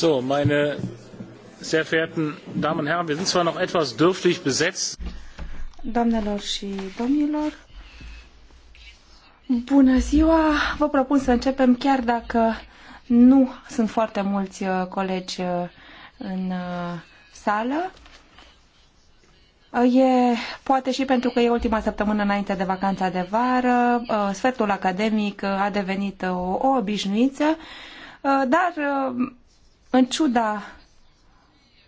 So, meine sehr verehrten Damen und Herren, wir sind zwar noch etwas dürftig besetzt. Doamnelor și domnilor, bună ziua! Vă propun să începem chiar dacă nu sunt foarte mulți uh, colegi uh, în uh, sală. E poate și pentru că e ultima săptămână înainte de vacanța de vară, sfertul academic a devenit o, o obișnuință, dar în ciuda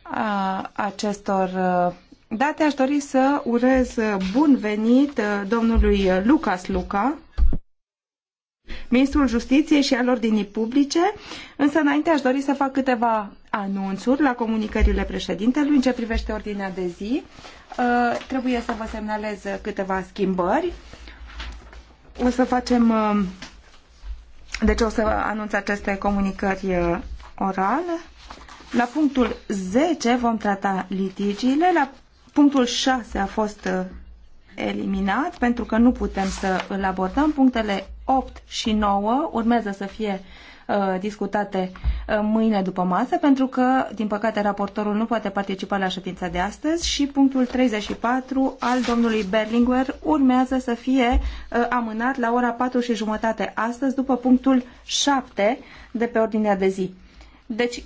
a acestor uh, date, aș dori să urez uh, bun venit uh, domnului Lucas Luca, ministrul justiției și al ordinii publice, însă înainte aș dori să fac câteva anunțuri la comunicările președintelui în ce privește ordinea de zi. Trebuie să vă semnalez câteva schimbări. O să facem, deci o să anunț aceste comunicări orală. La punctul 10 vom trata litigiile, la punctul 6 a fost uh, eliminat pentru că nu putem să îl abordăm. Punctele 8 și 9 urmează să fie uh, discutate uh, mâine după masă, pentru că, din păcate, raportorul nu poate participa la ședința de astăzi și punctul 34 al domnului Berlinguer urmează să fie amânat la ora 4 și jumătate astăzi, după punctul 7 de pe ordinea de zi. Deci,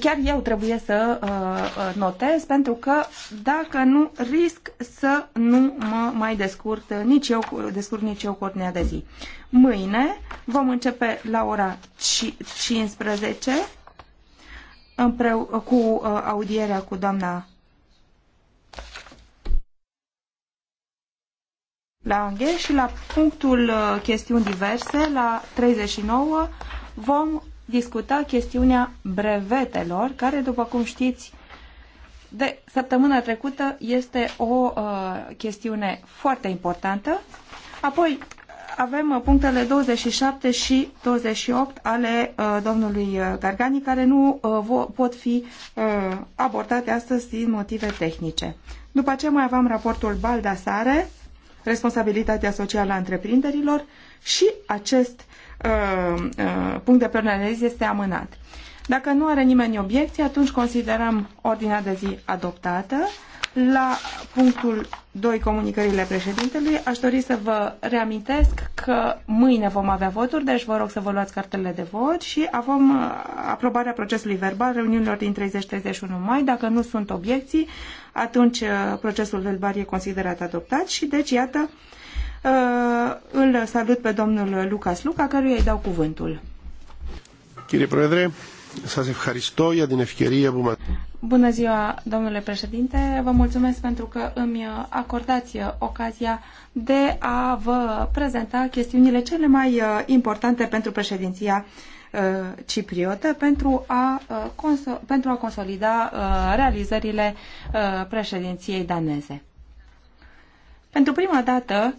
chiar eu trebuie să uh, uh, notez, pentru că dacă nu, risc să nu mă mai descurt uh, nici eu, descurc nici eu cu ordinea de zi. Mâine vom începe la ora 15 împreu- uh, cu uh, audierea cu doamna Lange și la punctul uh, chestiuni diverse, la 39, vom discuta chestiunea brevetelor, care, după cum știți, de săptămâna trecută este o uh, chestiune foarte importantă. Apoi avem uh, punctele 27 și 28 ale uh, domnului uh, Gargani, care nu uh, pot fi uh, abordate astăzi din motive tehnice. După aceea mai avem raportul Baldasare, responsabilitatea socială a întreprinderilor și acest uh, Uh, uh, punct de plenariz este amânat. Dacă nu are nimeni obiecții, atunci considerăm ordinea de zi adoptată. La punctul 2, comunicările președintelui, aș dori să vă reamintesc că mâine vom avea voturi, deci vă rog să vă luați cartele de vot și avem uh, aprobarea procesului verbal reuniunilor din 30-31 mai. Dacă nu sunt obiecții, atunci procesul verbal e considerat adoptat și deci, iată, Uh, îl salut pe domnul Lucas Luca, căruia îi dau cuvântul. Chirie Proedre, Σας ευχαριστώ για την ευκαιρία Bună ziua, domnule președinte. Vă mulțumesc pentru că îmi acordați ocazia de a vă prezenta chestiunile cele mai uh, importante pentru președinția uh, cipriotă pentru a, pentru a consolida realizările președinției daneze. Pentru prima dată,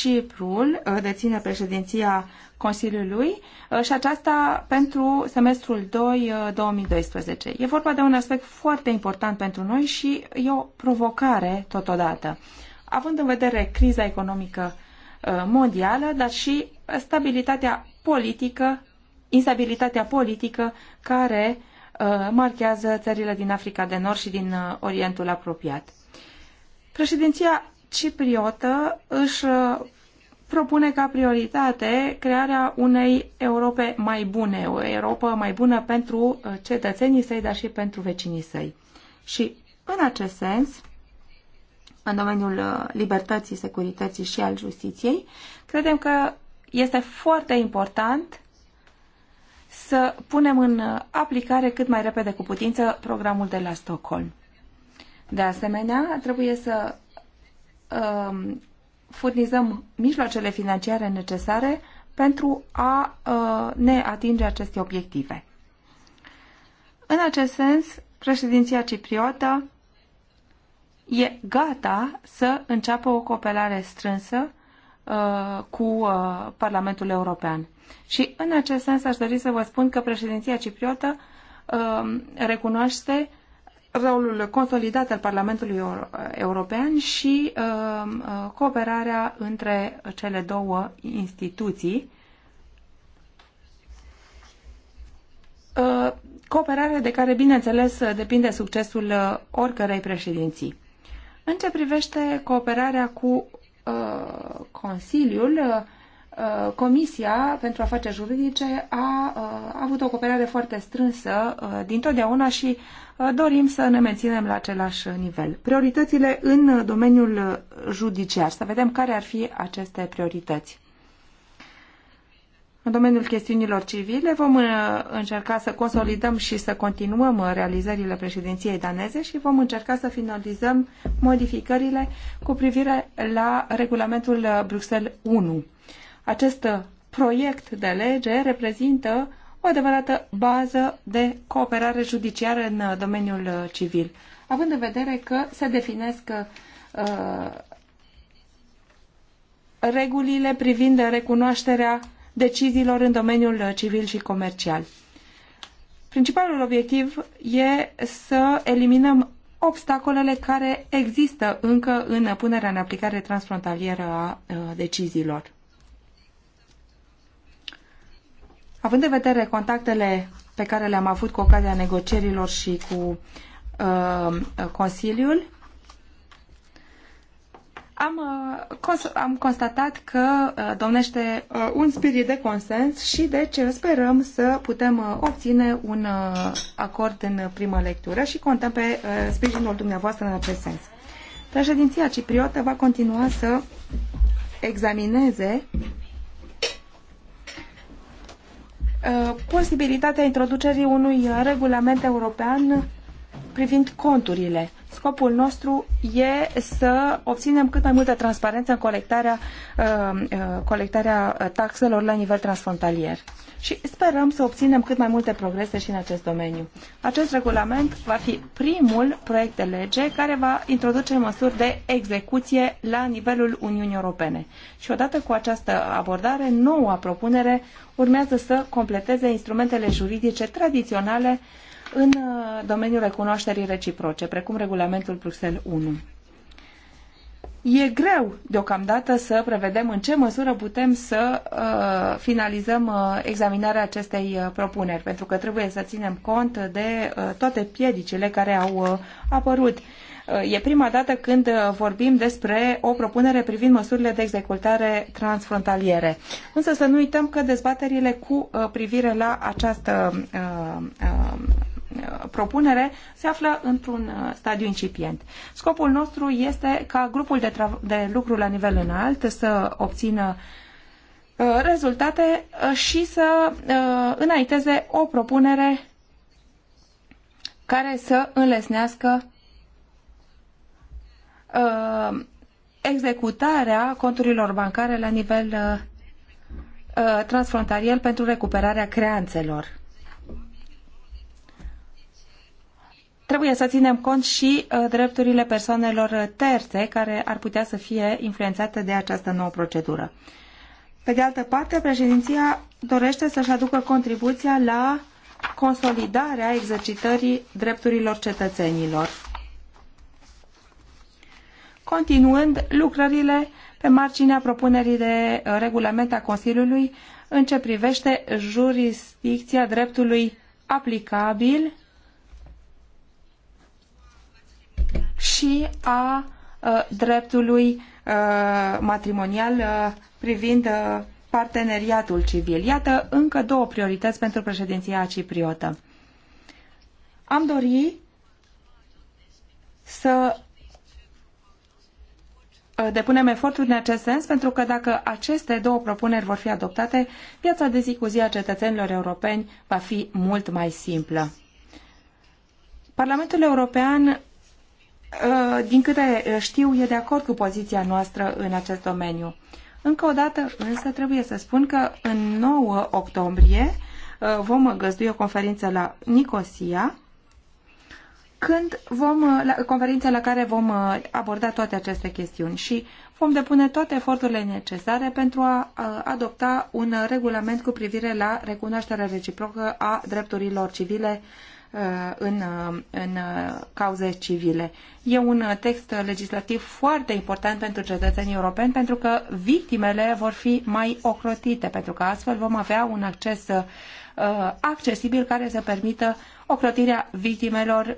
Ciprul uh, deține președinția Consiliului uh, și aceasta pentru semestrul 2 2012. Uh, e vorba de un aspect foarte important pentru noi și e o provocare totodată. Având în vedere criza economică mondială, dar și stabilitatea politică, instabilitatea politică care marchează țările din Africa de Nord și din Orientul apropiat. Președinția cipriotă își uh, propune ca prioritate crearea unei Europe mai bune, o Europa mai bună pentru uh, cetățenii săi, dar și pentru vecinii săi. Și în acest sens, în domeniul uh, libertății, securității și al justiției, credem că este foarte important să punem în aplicare cât mai repede cu putință programul de la Stockholm. De asemenea, trebuie să Um, furnizăm mijloacele financiare necesare pentru a uh, ne atinge aceste obiective. În acest sens, președinția cipriotă e gata să înceapă o cooperare strânsă uh, cu uh, Parlamentul European. Și în acest sens aș dori să vă spun că președinția cipriotă um, recunoaște rolul consolidat al Parlamentului European și uh, uh, cooperarea între cele două instituții. Uh, Cooperare de care, bineînțeles, depinde succesul oricărei președinții. În ce privește cooperarea cu Consiliul, Uh, Comisia pentru Afaceri Juridice uh, a, avut o cooperare foarte strânsă uh, dintotdeauna și dorim să ne menținem la același nivel. Prioritățile în domeniul judiciar, să vedem care ar fi aceste priorități. În domeniul chestiunilor civile vom încerca să consolidăm și să continuăm realizările președinției daneze și vom încerca să finalizăm modificările cu privire la regulamentul Bruxelles 1 acest proiect de lege reprezintă o adevărată bază de cooperare judiciară în uh, domeniul uh, civil, având în vedere că se definesc uh, regulile privind recunoașterea deciziilor în domeniul uh, civil și comercial. Principalul obiectiv e să eliminăm obstacolele care există încă în punerea în aplicare transfrontalieră a deciziilor. Având în vedere contactele pe care le-am avut cu ocazia negocierilor și cu uh, Consiliul, am, uh, am constatat că uh, domnește uh, un spirit de consens și deci sperăm să putem obține un acord în primă lectură și contăm pe sprijinul dumneavoastră în acest sens. Președinția cipriotă va continua să examineze Uh, posibilitatea introducerii unui uh, regulament european privind conturile. Scopul nostru e să obținem cât mai multă transparență în colectarea, uh, uh, colectarea taxelor la nivel transfrontalier și sperăm să obținem cât mai multe progrese și în acest domeniu. Acest regulament va fi primul proiect de lege care va introduce măsuri de execuție la nivelul Uniunii Europene. Și odată cu această abordare, noua propunere urmează să completeze instrumentele juridice tradiționale în uh, domeniul recunoașterii reciproce, precum regulamentul Bruxelles 1. E greu deocamdată să prevedem în ce măsură putem să uh, finalizăm uh, examinarea acestei uh, propuneri, pentru că trebuie să ținem cont de uh, toate piedicile care au uh, apărut. Uh, e prima dată când uh, vorbim despre o propunere privind măsurile de executare transfrontaliere. Însă să nu uităm că dezbaterile cu uh, privire la această uh, uh, Uh, propunere se află într-un uh, stadiu incipient. Scopul nostru este ca grupul de, de lucru la nivel înalt să obțină uh, rezultate și să înainteze o propunere care să înlesnească executarea conturilor bancare la nivel transfrontalier pentru recuperarea creanțelor. trebuie să ținem cont și uh, drepturile persoanelor uh, terțe care ar putea să fie influențate de această nouă procedură. Pe de altă parte, președinția dorește să-și aducă contribuția la consolidarea exercitării drepturilor cetățenilor. Continuând lucrările pe marginea propunerii de uh, regulament a Consiliului în ce privește jurisdicția dreptului aplicabil și a uh, dreptului uh, matrimonial uh, privind parteneriatul civil. Iată încă două priorități pentru președinția cipriotă. Am dori să depunem eforturi în acest sens, pentru că dacă aceste două propuneri vor fi adoptate, viața de zi cu zi a cetățenilor europeni va fi mult mai simplă. Parlamentul European Uh, din câte uh, știu, e de acord cu poziția noastră în acest domeniu. Încă o dată, însă, trebuie să spun că în 9 octombrie uh, vom găzdui o conferință la Nicosia, când vom, la, conferința la care vom aborda toate aceste chestiuni și vom depune toate eforturile necesare pentru a, a adopta un regulament cu privire la recunoașterea reciprocă a drepturilor civile Uh, în, uh, în uh, cauze civile. E un text legislativ foarte important pentru cetățenii europeni pentru că victimele vor fi mai ocrotite, pentru că astfel vom avea un acces accesibil care să permită ocrotirea victimelor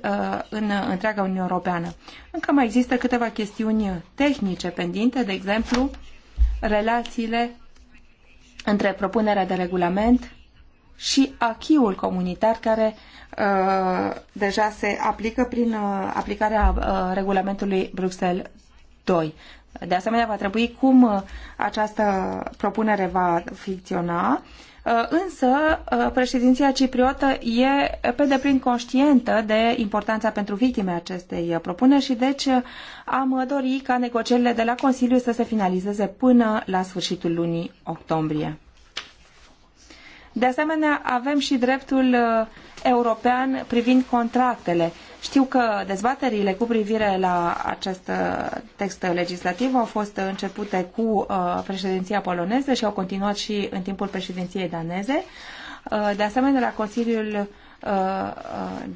în întreaga Uniune Europeană. Încă mai există câteva chestiuni tehnice pendinte, de exemplu, relațiile între propunerea de regulament și achiul comunitar care uh, deja se aplică prin uh, aplicarea uh, regulamentului Bruxelles 2. De asemenea, va trebui cum această propunere va ficționa, însă președinția cipriotă e pe deplin conștientă de importanța pentru victime acestei propuneri și deci am dori ca negocierile de la Consiliu să se finalizeze până la sfârșitul lunii octombrie. De asemenea, avem și dreptul uh, european privind contractele. Știu că dezbaterile cu privire la acest uh, text legislativ au fost începute cu uh, președinția poloneză și au continuat și în timpul președinției daneze. De asemenea, la Consiliul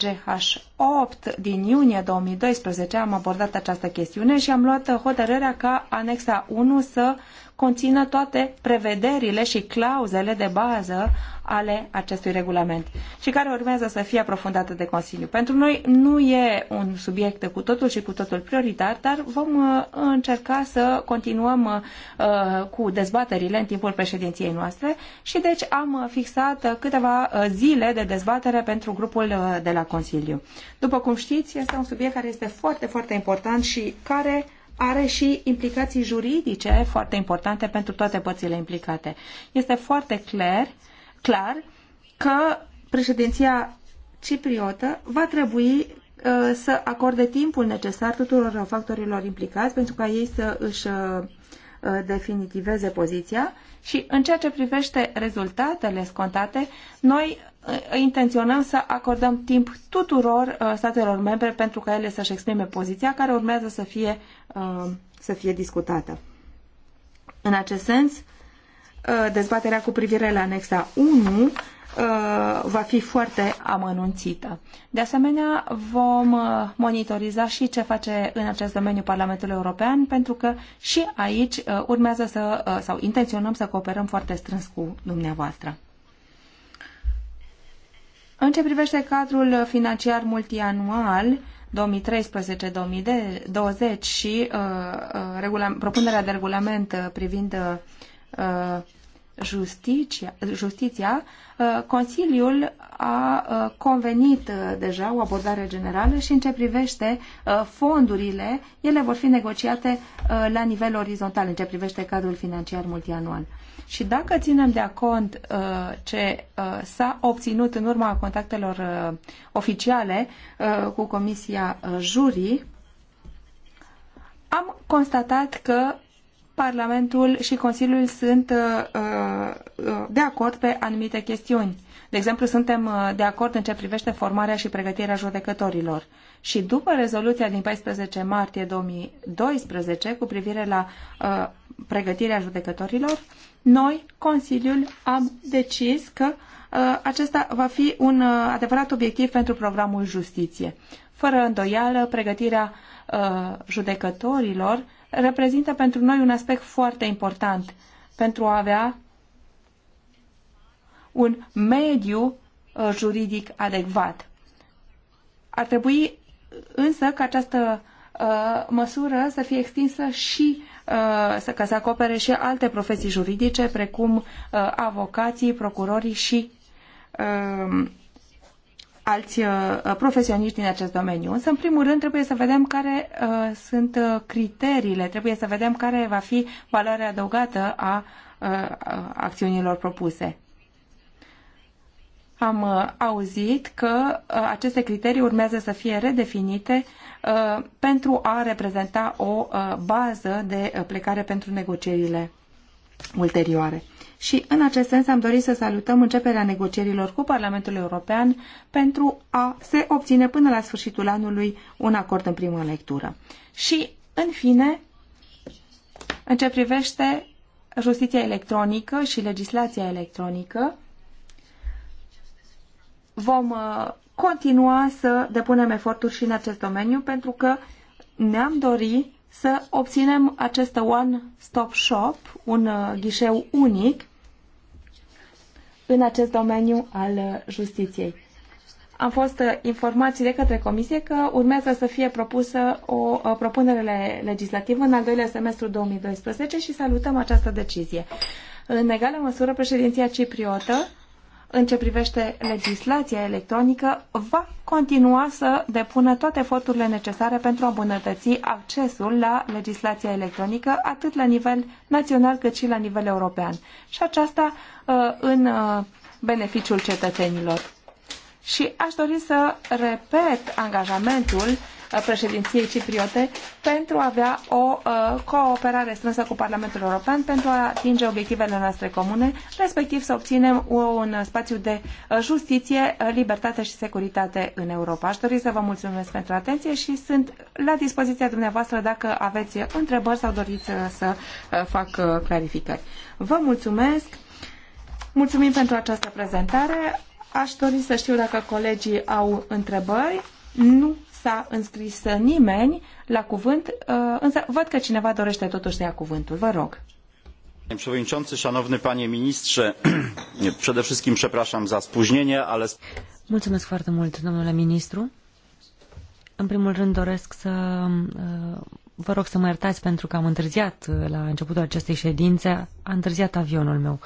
GH8 din iunie 2012 am abordat această chestiune și am luat hotărârea ca anexa 1 să conțină toate prevederile și clauzele de bază ale acestui regulament și care urmează să fie aprofundată de Consiliu. Pentru noi nu e un subiect cu totul și cu totul prioritar, dar vom uh, încerca să continuăm uh, cu dezbaterile în timpul președinției noastre și deci am uh, fixat câteva zile de dezbatere pentru grupul de la Consiliu. După cum știți, este un subiect care este foarte, foarte important și care are și implicații juridice foarte importante pentru toate părțile implicate. Este foarte clar, clar că președinția cipriotă va trebui uh, să acorde timpul necesar tuturor factorilor implicați pentru ca ei să își uh, definitiveze poziția și în ceea ce privește rezultatele scontate, noi intenționăm să acordăm timp tuturor uh, statelor membre pentru ca ele să-și exprime poziția care urmează să fie, uh, să fie discutată. În acest sens, uh, dezbaterea cu privire la anexa 1 va fi foarte amănunțită. De asemenea, vom monitoriza și ce face în acest domeniu Parlamentul European, pentru că și aici urmează să, sau intenționăm să cooperăm foarte strâns cu dumneavoastră. În ce privește cadrul financiar multianual 2013-2020 și uh, uh propunerea de regulament uh, privind uh, justiția, justiția uh, Consiliul a uh, convenit deja o abordare generală și în ce privește fondurile, ele vor fi negociate la nivel orizontal în ce privește cadrul financiar multianual. Și dacă ținem de cont uh, ce uh, s-a obținut în urma contactelor uh, oficiale cu Comisia Jurii, am constatat că Parlamentul și Consiliul sunt de acord pe anumite chestiuni. De exemplu, suntem de acord în ce privește formarea și pregătirea judecătorilor și după rezoluția din 14 martie 2012 cu privire la uh, pregătirea judecătorilor, noi, Consiliul, am decis că uh, acesta va fi un uh, adevărat obiectiv pentru programul justiție. Fără îndoială, pregătirea uh, judecătorilor reprezintă pentru noi un aspect foarte important pentru a avea un mediu uh, juridic adecvat. Ar trebui însă că această uh, măsură să fie extinsă și uh, să, ca să acopere și alte profesii juridice, precum uh, avocații, procurorii și um, alți profesioniști din acest domeniu. Însă, în primul rând, trebuie să vedem care sunt criteriile, trebuie să vedem care va fi valoarea adăugată a acțiunilor propuse am uh, auzit că uh, aceste criterii urmează să fie redefinite uh, pentru a reprezenta o bază de plecare pentru negocierile ulterioare. Și în acest sens am dorit să salutăm începerea negocierilor cu Parlamentul European pentru a se obține până la sfârșitul anului un acord în primă lectură. Și, în fine, în ce privește justiția electronică și legislația electronică, vom uh, continua să depunem eforturi și în acest domeniu pentru că ne-am dori să obținem acest one-stop shop, un uh, ghișeu unic în acest domeniu al uh, justiției. Am fost informați de către Comisie că urmează să fie propusă o propunere legislativă în al doilea semestru 2012 și salutăm această decizie. În egală măsură, președinția cipriotă în ce privește legislația electronică, va continua să depună toate eforturile necesare pentru a îmbunătăți accesul la legislația electronică, atât la nivel național cât și la nivel european. Și aceasta uh, în uh, beneficiul cetățenilor și aș dori să repet angajamentul uh, președinției cipriote pentru a avea o uh, cooperare strânsă cu Parlamentul European pentru a atinge obiectivele noastre comune, respectiv să obținem un spațiu de uh, justiție, libertate și securitate în Europa. Aș dori să vă mulțumesc pentru atenție și sunt la dispoziția dumneavoastră dacă aveți întrebări sau doriți să fac clarificări. Vă mulțumesc! Mulțumim pentru această prezentare. Aș dori să știu dacă colegii au întrebări. Nu s-a înscris nimeni la cuvânt, uh, însă văd că cineva dorește totuși să ia cuvântul. Vă rog. Przewodniczący, Szanowny Panie Ministrze, przede wszystkim przepraszam za spóźnienie, ale... Mulțumesc foarte mult, domnule ministru. În primul rând doresc să uh, vă rog să mă iertați pentru că am întârziat uh, la începutul acestei ședințe, a întârziat avionul meu,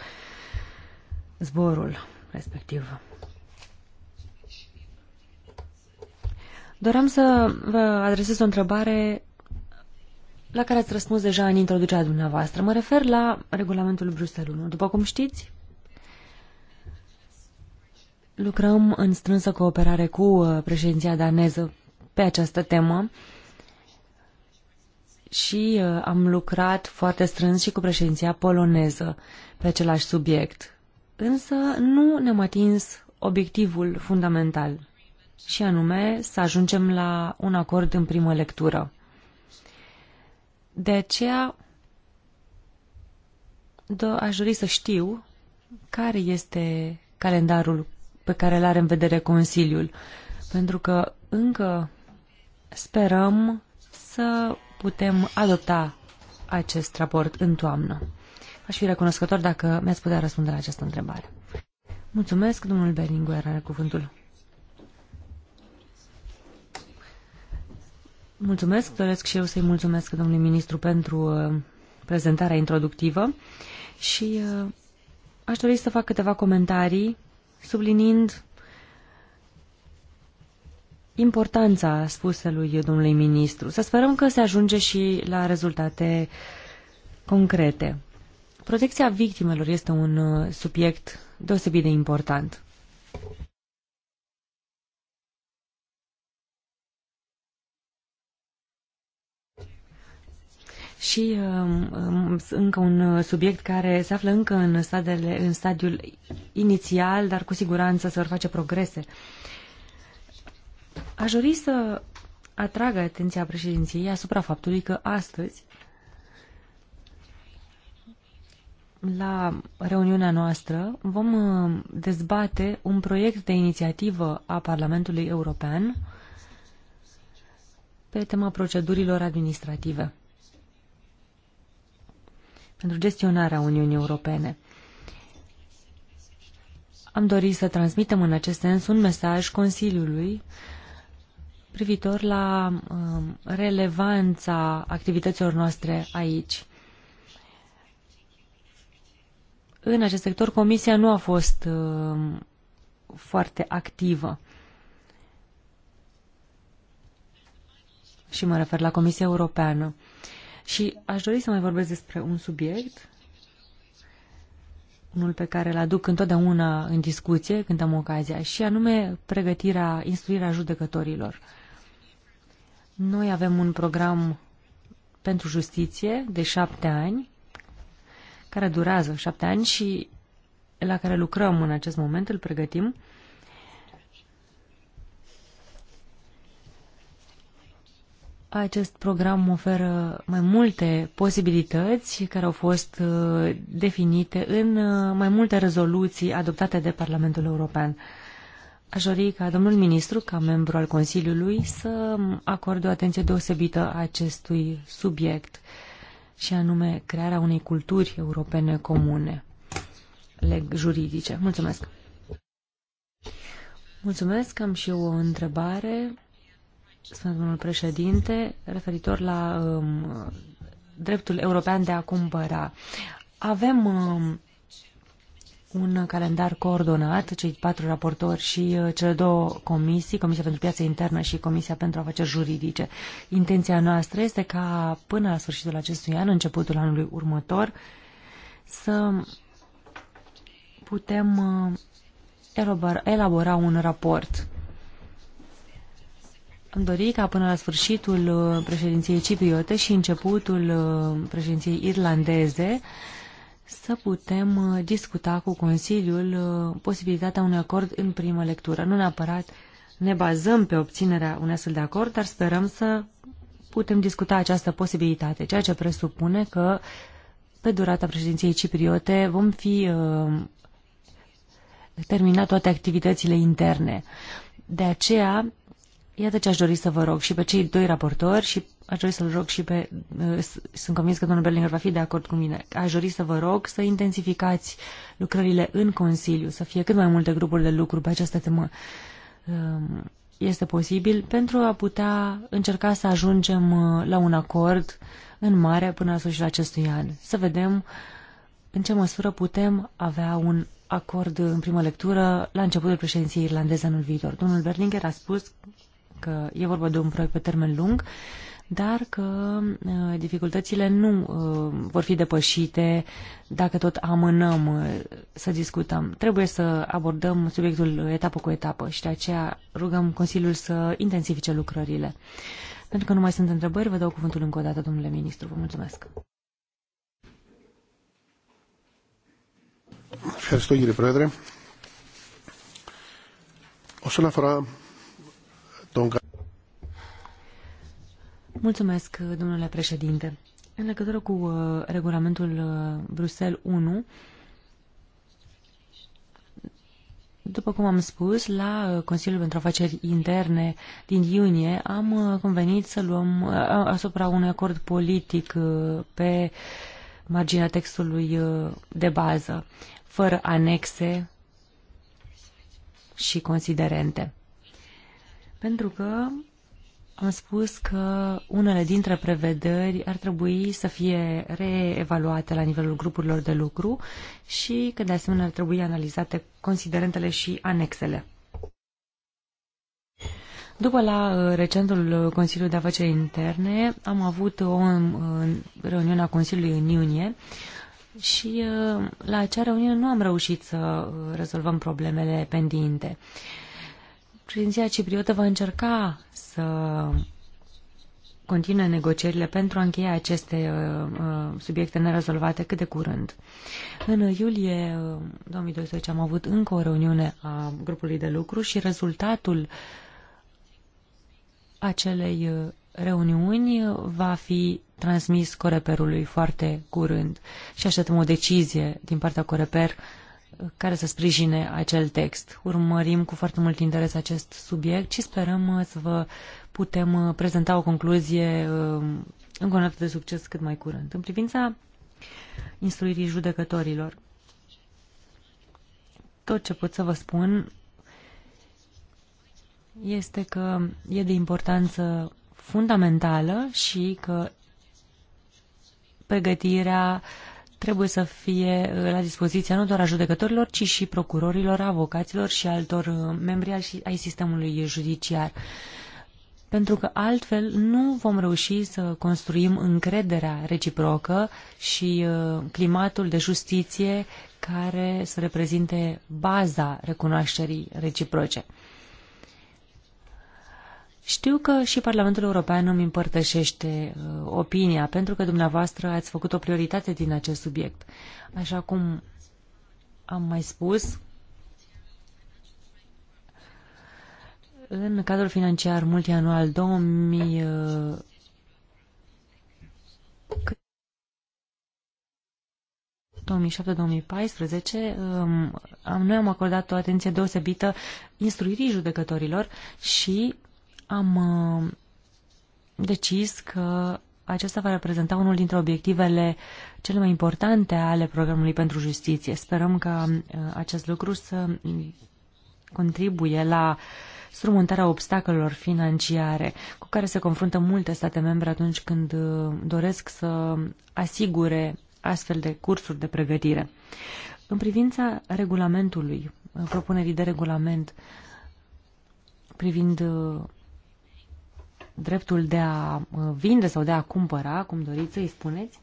zborul respectiv. Doream să vă adresez o întrebare la care ați răspuns deja în introducerea dumneavoastră. Mă refer la regulamentul Bruxelles 1. După cum știți, lucrăm în strânsă cooperare cu uh, președinția daneză pe această temă și uh, am lucrat foarte strâns și cu președinția poloneză pe același subiect. Însă nu ne-am atins obiectivul fundamental și anume să ajungem la un acord în primă lectură. De aceea aș dori să știu care este calendarul pe care îl are în vedere Consiliul, pentru că încă sperăm să putem adopta acest raport în toamnă. Aș fi recunoscător dacă mi-ați putea răspunde la această întrebare. Mulțumesc, domnul Beringuer are cuvântul. Mulțumesc, doresc și eu să-i mulțumesc domnului ministru pentru uh, prezentarea introductivă și uh, aș dori să fac câteva comentarii sublinind importanța spuselui domnului ministru. Să sperăm că se ajunge și la rezultate concrete. Protecția victimelor este un uh, subiect deosebit de important. Și um, um, încă un uh, subiect care se află încă în, stadele, în stadiul inițial, dar cu siguranță se vor face progrese. Aș dori să atragă atenția președinției asupra faptului că astăzi, la reuniunea noastră, vom uh, dezbate un proiect de inițiativă a Parlamentului European pe tema procedurilor administrative pentru gestionarea Uniunii Europene. Am dorit să transmitem în acest sens un mesaj Consiliului privitor la um, relevanța activităților noastre aici. În acest sector, Comisia nu a fost um, foarte activă. Și mă refer la Comisia Europeană. Și aș dori să mai vorbesc despre un subiect, unul pe care îl aduc întotdeauna în discuție când am ocazia, și anume pregătirea, instruirea judecătorilor. Noi avem un program pentru justiție de șapte ani, care durează șapte ani și la care lucrăm în acest moment, îl pregătim. Acest program oferă mai multe posibilități care au fost uh, definite în uh, mai multe rezoluții adoptate de Parlamentul European. Aș dori ca domnul ministru, ca membru al Consiliului, să acorde o atenție deosebită acestui subiect și anume crearea unei culturi europene comune leg juridice. Mulțumesc! Mulțumesc, am și eu o întrebare Spune domnul președinte, referitor la um, dreptul european de a cumpăra. Avem um, un calendar coordonat, cei patru raportori și uh, cele două comisii, Comisia pentru Piața Internă și Comisia pentru Afaceri Juridice. Intenția noastră este ca până la sfârșitul acestui an, începutul anului următor, să putem uh, elabora un raport am dorit ca până la sfârșitul uh, președinției cipriote și începutul uh, președinției irlandeze să putem uh, discuta cu Consiliul posibilitatea unui acord în primă lectură. Nu neapărat ne bazăm pe obținerea unui astfel de acord, dar sperăm să putem discuta această posibilitate, ceea ce presupune că pe durata președinției cipriote vom fi uh, terminat toate activitățile interne. De aceea Iată ce aș dori să vă rog și pe cei doi raportori și aș dori să-l rog și pe... Uh, sunt convins că domnul Berlinger va fi de acord cu mine. Aș dori să vă rog să intensificați lucrările în Consiliu, să fie cât mai multe grupuri de lucru pe această temă. Um, este posibil pentru a putea încerca să ajungem uh, la un acord în mare până la sfârșitul acestui an. Să vedem în ce măsură putem avea un acord în primă lectură la începutul președinției irlandeze anul viitor. Domnul Berlinger a spus că e vorba de un proiect pe termen lung, dar că uh, dificultățile nu uh, vor fi depășite dacă tot amânăm uh, să discutăm. Trebuie să abordăm subiectul etapă cu etapă și de aceea rugăm Consiliul să intensifice lucrările. Pentru că nu mai sunt întrebări, vă dau cuvântul încă o dată, domnule ministru. Vă mulțumesc. Ευχαριστώ κύριε Πρόεδρε. Όσον αφορά Mulțumesc, domnule președinte. În legătură cu uh, regulamentul uh, Bruxelles 1, după cum am spus, la uh, Consiliul pentru Afaceri Interne din iunie am uh, convenit să luăm uh, asupra unui acord politic pe marginea textului de bază, fără anexe și considerente. Pentru că am spus că unele dintre prevederi ar trebui să fie reevaluate la nivelul grupurilor de lucru și că de asemenea ar trebui analizate considerentele și anexele. După la uh, recentul Consiliu de Afaceri Interne, am avut o um, uh, reuniune a Consiliului în iunie și uh, la acea reuniune nu am reușit să rezolvăm problemele pendinte. Președinția cipriotă va încerca să continue negocierile pentru a încheia aceste uh, uh subiecte nerezolvate cât de curând. În iulie 2012 uh, am avut încă o reuniune a grupului de lucru și rezultatul acelei uh, reuniuni va fi transmis Coreperului foarte curând și așteptăm o decizie din partea Coreper uh, care să sprijine acel text. Urmărim cu foarte mult interes acest subiect și sperăm uh, să vă putem uh, prezenta o concluzie um, încă o dată de succes cât mai curând. În privința instruirii judecătorilor, tot ce pot să vă spun este că e de importanță fundamentală și că pregătirea uh, trebuie să fie uh, la dispoziția nu doar a judecătorilor, ci și procurorilor, avocaților și altor uh, membri ai sistemului judiciar. Pentru că altfel nu vom reuși să construim încrederea reciprocă și uh, climatul de justiție care să reprezinte baza recunoașterii reciproce. Știu că și Parlamentul European îmi împărtășește uh, opinia, pentru că dumneavoastră ați făcut o prioritate din acest subiect. Așa cum am mai spus, în cadrul financiar multianual 2000, uh, cât 2007-2014, um, noi am acordat o atenție deosebită instruirii judecătorilor și am uh, decis că acesta va reprezenta unul dintre obiectivele cele mai importante ale programului pentru justiție. Sperăm că uh, acest lucru să contribuie la surmontarea obstacolelor financiare cu care se confruntă multe state membre atunci când uh, doresc să asigure astfel de cursuri de pregătire. În privința regulamentului, propunerii de regulament privind dreptul de a uh, vinde sau de a cumpăra, cum doriți să-i spuneți,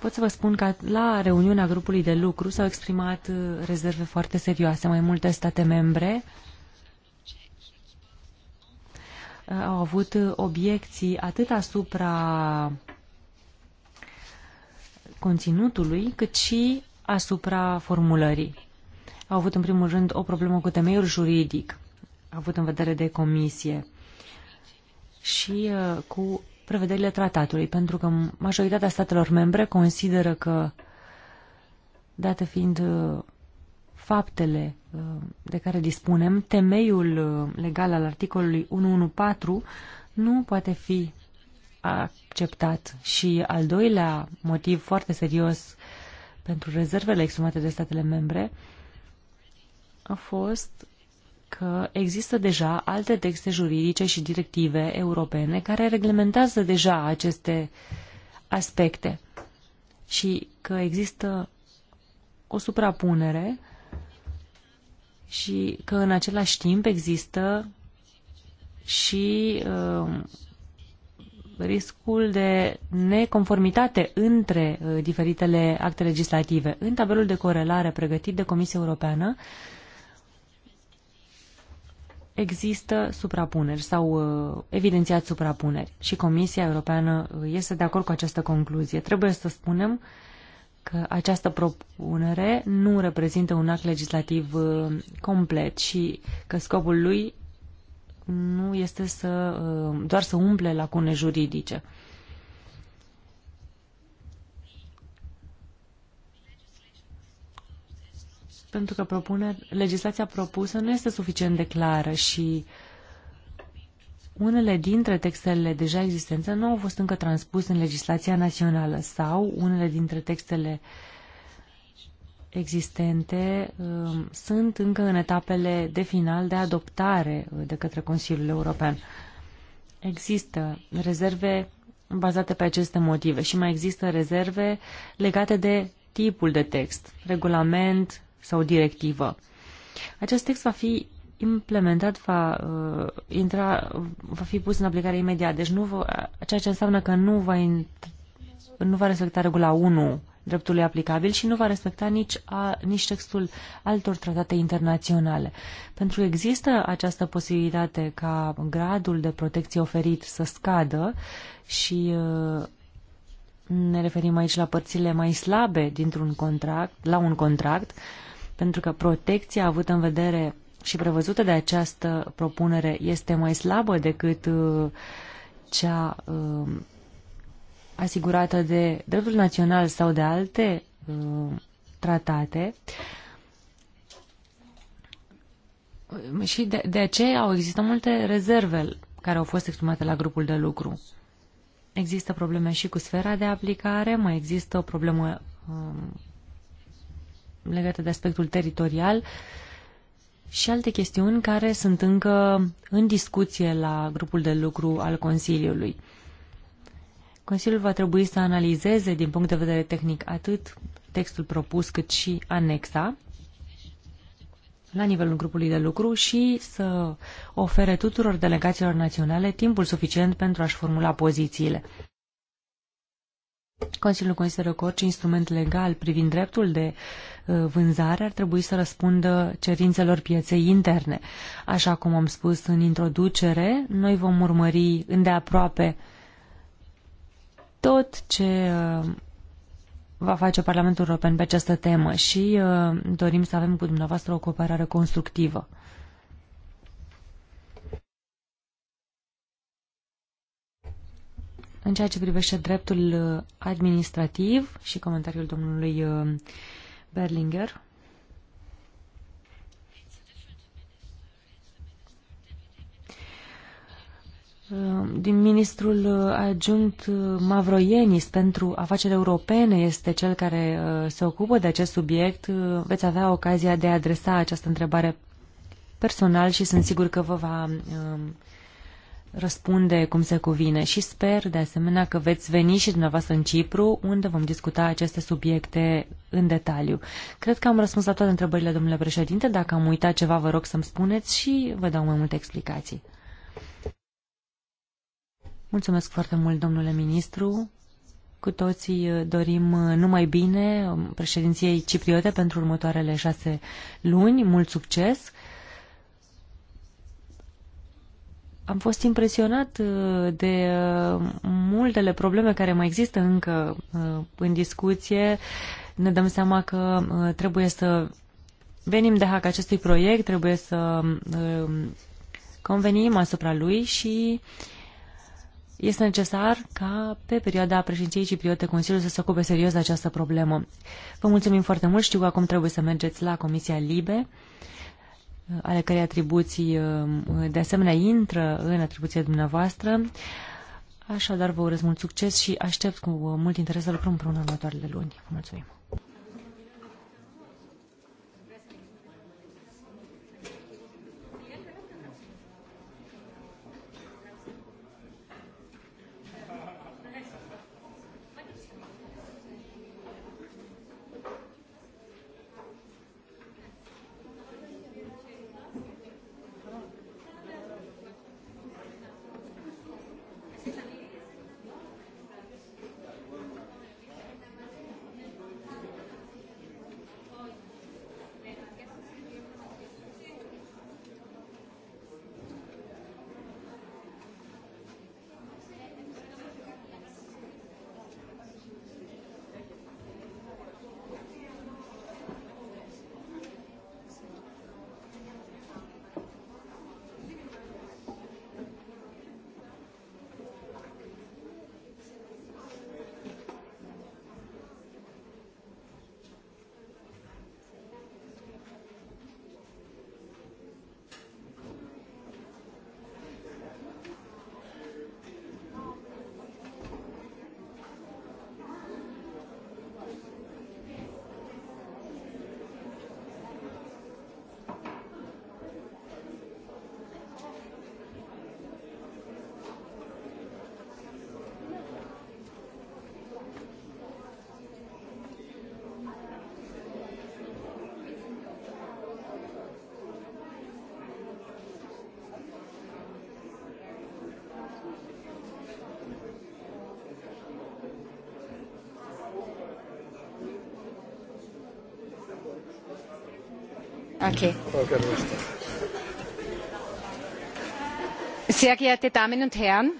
pot să vă spun că la reuniunea grupului de lucru s-au exprimat uh, rezerve foarte serioase. Mai multe state membre uh, au avut obiecții atât asupra conținutului, cât și asupra formulării. Au avut în primul rând o problemă cu temeiul juridic avut în vedere de comisie și uh, cu prevederile tratatului, pentru că majoritatea statelor membre consideră că, date fiind uh, faptele uh, de care dispunem, temeiul legal al articolului 114 nu poate fi acceptat. Și al doilea motiv foarte serios pentru rezervele exumate de statele membre a fost că există deja alte texte juridice și directive europene care reglementează deja aceste aspecte și că există o suprapunere și că în același timp există și uh, riscul de neconformitate între uh, diferitele acte legislative. În tabelul de corelare pregătit de Comisia Europeană uh, există suprapuneri sau uh, evidențiat suprapuneri și Comisia Europeană uh, este de acord cu această concluzie. Trebuie să spunem că această propunere nu reprezintă un act legislativ uh, complet și că scopul lui nu este să, doar să umple lacune juridice. pentru că propune, legislația propusă nu este suficient de clară și unele dintre textele deja existente nu au fost încă transpuse în legislația națională sau unele dintre textele existente um, sunt încă în etapele de final de adoptare uh, de către Consiliul European. Există rezerve bazate pe aceste motive și mai există rezerve legate de tipul de text, regulament, sau directivă. Acest text va fi implementat, va uh, intra, va fi pus în aplicare imediat. Deci nu va, ceea ce înseamnă că nu va, nu va respecta regula 1 dreptului aplicabil și nu va respecta nici, a, nici textul altor tratate internaționale. Pentru că există această posibilitate ca gradul de protecție oferit să scadă și uh, ne referim aici la părțile mai slabe dintr-un contract, la un contract, uh, pentru că protecția avută în vedere și prevăzută de această propunere este mai slabă decât uh, cea um, asigurată de dreptul național sau de alte um, tratate, și de, de aceea au existat multe rezerve care au fost exprimate la grupul de lucru. Există probleme și cu sfera de aplicare, mai există o problemă um, legate de aspectul teritorial și alte chestiuni care sunt încă în discuție la grupul de lucru al Consiliului. Consiliul va trebui să analizeze din punct de vedere tehnic atât textul propus cât și anexa la nivelul grupului de lucru și să ofere tuturor delegațiilor naționale timpul suficient pentru a-și formula pozițiile. Consiliul consideră că orice instrument legal privind dreptul de uh, vânzare ar trebui să răspundă cerințelor pieței interne. Așa cum am spus în introducere, noi vom urmări îndeaproape tot ce uh, va face Parlamentul European pe această temă și uh, dorim să avem cu dumneavoastră o cooperare constructivă. În ceea ce privește dreptul uh, administrativ și comentariul domnului uh, Berlinger, uh, Din ministrul adjunct Mavroienis pentru afaceri europene este cel care se ocupă de acest subiect. Veți avea ocazia de a adresa această întrebare personal și sunt sigur că vă va răspunde cum se cuvine și sper de asemenea că veți veni și dumneavoastră în Cipru unde vom discuta aceste subiecte în detaliu. Cred că am răspuns la toate întrebările, domnule președinte. Dacă am uitat ceva, vă rog să-mi spuneți și vă dau mai multe explicații. Mulțumesc foarte mult, domnule ministru. Cu toții dorim numai bine președinției cipriote pentru următoarele șase luni. Mult succes! am fost impresionat uh, de uh, multele probleme care mai există încă uh, în discuție. Ne dăm seama că trebuie să venim de hack acestui proiect, trebuie să convenim asupra lui și este necesar ca pe perioada președinției cipriote Consiliul să se ocupe serios de această problemă. Vă mulțumim foarte mult, știu că acum trebuie să mergeți la Comisia Libe ale cărei atribuții um, de asemenea intră în atribuția dumneavoastră. Așadar, vă urez mult succes și aștept cu uh, mult interes să lucrăm împreună următoarele luni. Mulțumim! Okay. Sehr geehrte Damen und Herren,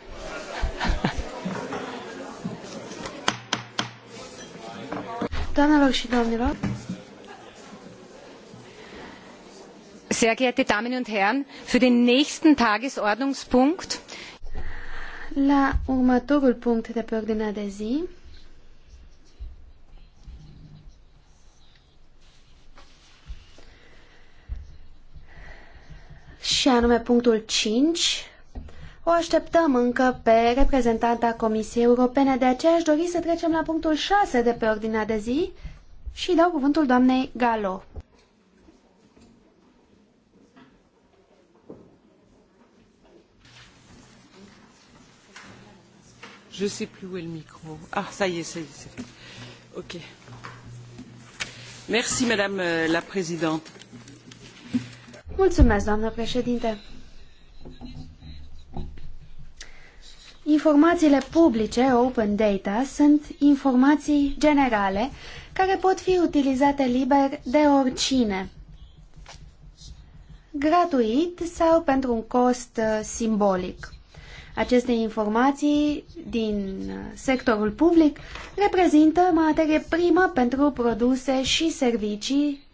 Doamnelor și domnilor, sehr geehrte Damen und Herren, für den nächsten Tagesordnungspunkt la următorul punct de pe ordinea de zi anume punctul 5. O așteptăm încă pe reprezentanta Comisiei Europene, de aceea aș dori să trecem la punctul 6 de pe ordinea de zi și dau cuvântul doamnei Galo. Je sais plus où est le micro. Ah, ça y est, ça y est, c'est fait. OK. Merci, Madame euh, la Présidente Mulțumesc, doamnă președinte. Informațiile publice, open data, sunt informații generale care pot fi utilizate liber de oricine, gratuit sau pentru un cost uh, simbolic. Aceste informații din uh, sectorul public reprezintă materie primă pentru produse și servicii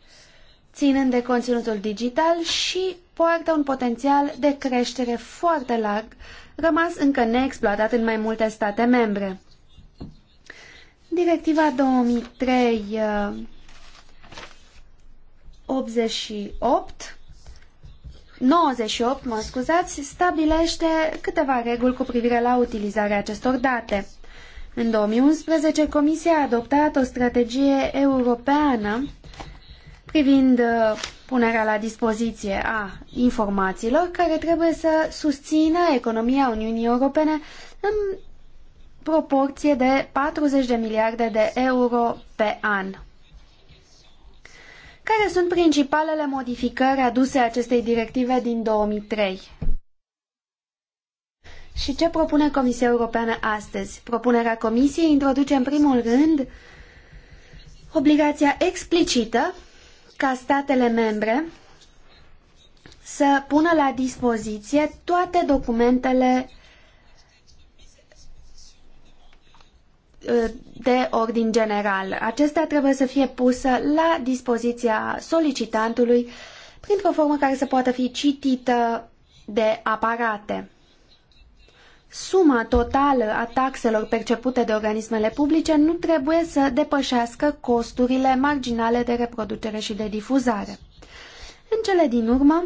ținând de conținutul digital și poartă un potențial de creștere foarte larg, rămas încă neexploatat în mai multe state membre. Directiva 2003 88 98, mă scuzați, stabilește câteva reguli cu privire la utilizarea acestor date. În 2011, Comisia a adoptat o strategie europeană privind uh, punerea la dispoziție a informațiilor care trebuie să susțină economia Uniunii Europene în proporție de 40 de miliarde de euro pe an. Care sunt principalele modificări aduse acestei directive din 2003? Și ce propune Comisia Europeană astăzi? Propunerea Comisiei introduce în primul rând obligația explicită ca statele membre să pună la dispoziție toate documentele uh, de ordin general. Acestea trebuie să fie pusă la dispoziția solicitantului printr-o formă care să poată fi citită de aparate suma totală a taxelor percepute de organismele publice nu trebuie să depășească costurile marginale de reproducere și de difuzare. În cele din urmă,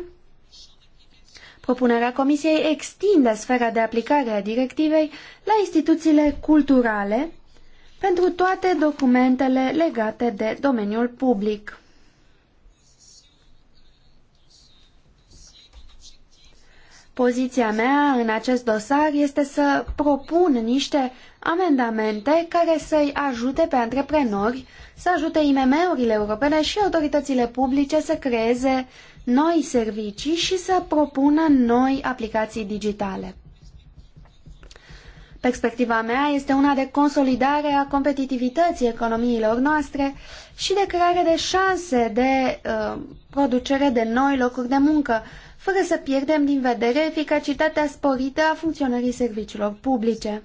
propunerea Comisiei extinde sfera de aplicare a directivei la instituțiile culturale pentru toate documentele legate de domeniul public. Poziția mea în acest dosar este să propun niște amendamente care să-i ajute pe antreprenori, să ajute IMM-urile europene și autoritățile publice să creeze noi servicii și să propună noi aplicații digitale. Perspectiva mea este una de consolidare a competitivității economiilor noastre și de creare de șanse de uh, producere de noi locuri de muncă, fără să pierdem din vedere eficacitatea sporită a funcționării serviciilor publice.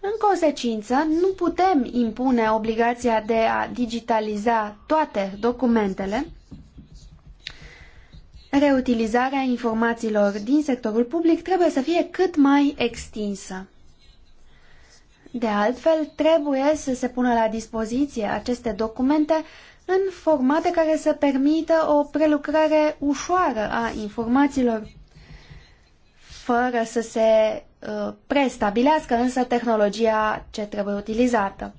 În consecință, nu putem impune obligația de a digitaliza toate documentele, Reutilizarea informațiilor din sectorul public trebuie să fie cât mai extinsă. De altfel, trebuie să se pună la dispoziție aceste documente în formate care să permită o prelucrare ușoară a informațiilor, fără să se uh, prestabilească însă tehnologia ce trebuie utilizată.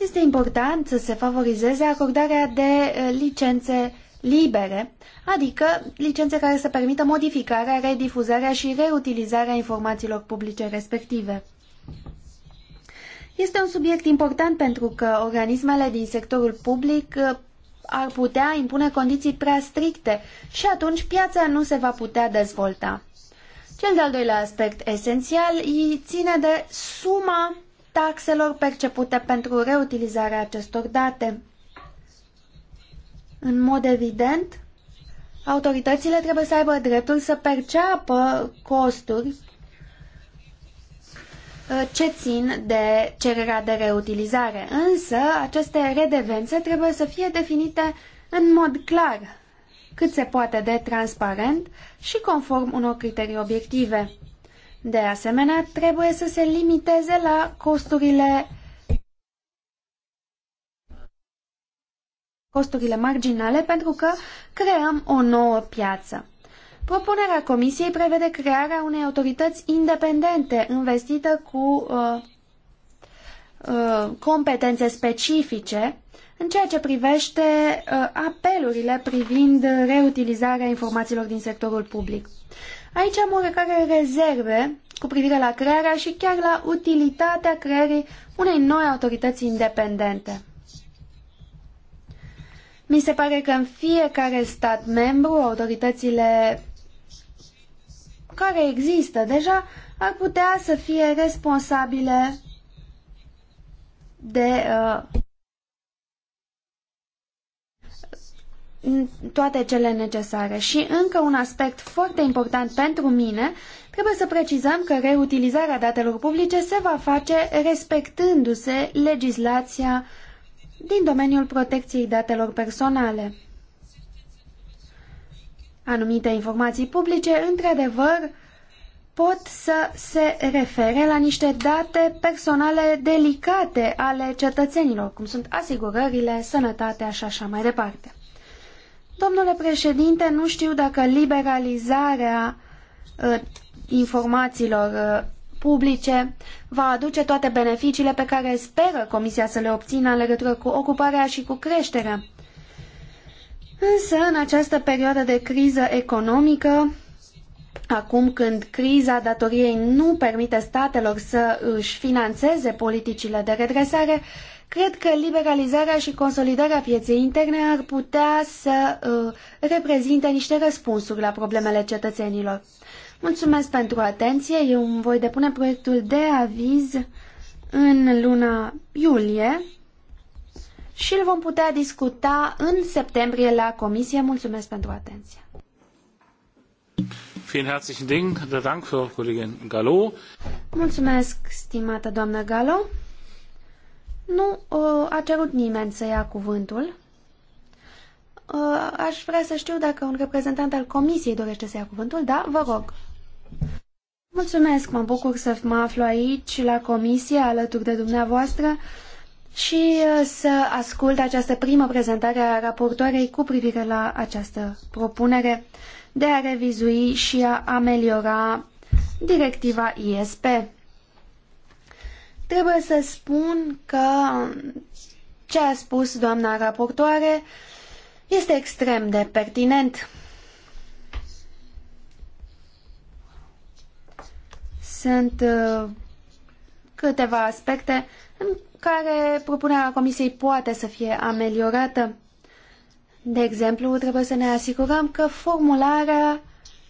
Este important să se favorizeze acordarea de uh, licențe libere, adică licențe care să permită modificarea, redifuzarea și reutilizarea informațiilor publice respective. Este un subiect important pentru că organismele din sectorul public uh, ar putea impune condiții prea stricte și atunci piața nu se va putea dezvolta. Cel de-al doilea aspect esențial ține de suma taxelor percepute pentru reutilizarea acestor date. În mod evident, autoritățile trebuie să aibă dreptul să perceapă costuri Uh, ce țin de cererea de reutilizare. Însă, aceste redevențe trebuie să fie definite în mod clar, cât se poate de transparent și conform unor criterii obiective. De asemenea, trebuie să se limiteze la costurile costurile marginale pentru că creăm o nouă piață. Propunerea Comisiei prevede crearea unei autorități independente investită cu uh, uh, competențe specifice în ceea ce privește uh, apelurile privind reutilizarea informațiilor din sectorul public. Aici am oarecare rezerve cu privire la crearea și chiar la utilitatea creării unei noi autorități independente. Mi se pare că în fiecare stat membru autoritățile care există deja ar putea să fie responsabile de uh, toate cele necesare. Și încă un aspect foarte important pentru mine, trebuie să precizăm că reutilizarea datelor publice se va face respectându-se legislația din domeniul protecției datelor personale anumite informații publice, într-adevăr, pot să se refere la niște date personale delicate ale cetățenilor, cum sunt asigurările, sănătatea și așa mai departe. Domnule președinte, nu știu dacă liberalizarea uh, informațiilor uh, publice va aduce toate beneficiile pe care speră Comisia să le obțină în legătură cu ocuparea și cu creșterea. Însă, în această perioadă de criză economică, acum când criza datoriei nu permite statelor să își financeze politicile de redresare, cred că liberalizarea și consolidarea pieței interne ar putea să uh, reprezinte niște răspunsuri la problemele cetățenilor. Mulțumesc pentru atenție. Eu îmi voi depune proiectul de aviz în luna iulie și îl vom putea discuta în septembrie la comisie. Mulțumesc pentru atenție. Mulțumesc, stimată doamnă Gallo. Nu ă, a cerut nimeni să ia cuvântul. Ă, aș vrea să știu dacă un reprezentant al comisiei dorește să ia cuvântul. Da, vă rog. Mulțumesc, mă bucur să mă aflu aici, la comisie, alături de dumneavoastră. Uh, și uh, să ascult această primă prezentare a raportoarei cu privire la această propunere de a revizui și a ameliora directiva ISP. Trebuie să spun că ce a spus doamna raportoare este extrem de pertinent. Sunt uh, câteva aspecte în care propunerea Comisiei poate să fie ameliorată. De exemplu, trebuie să ne asigurăm că formularea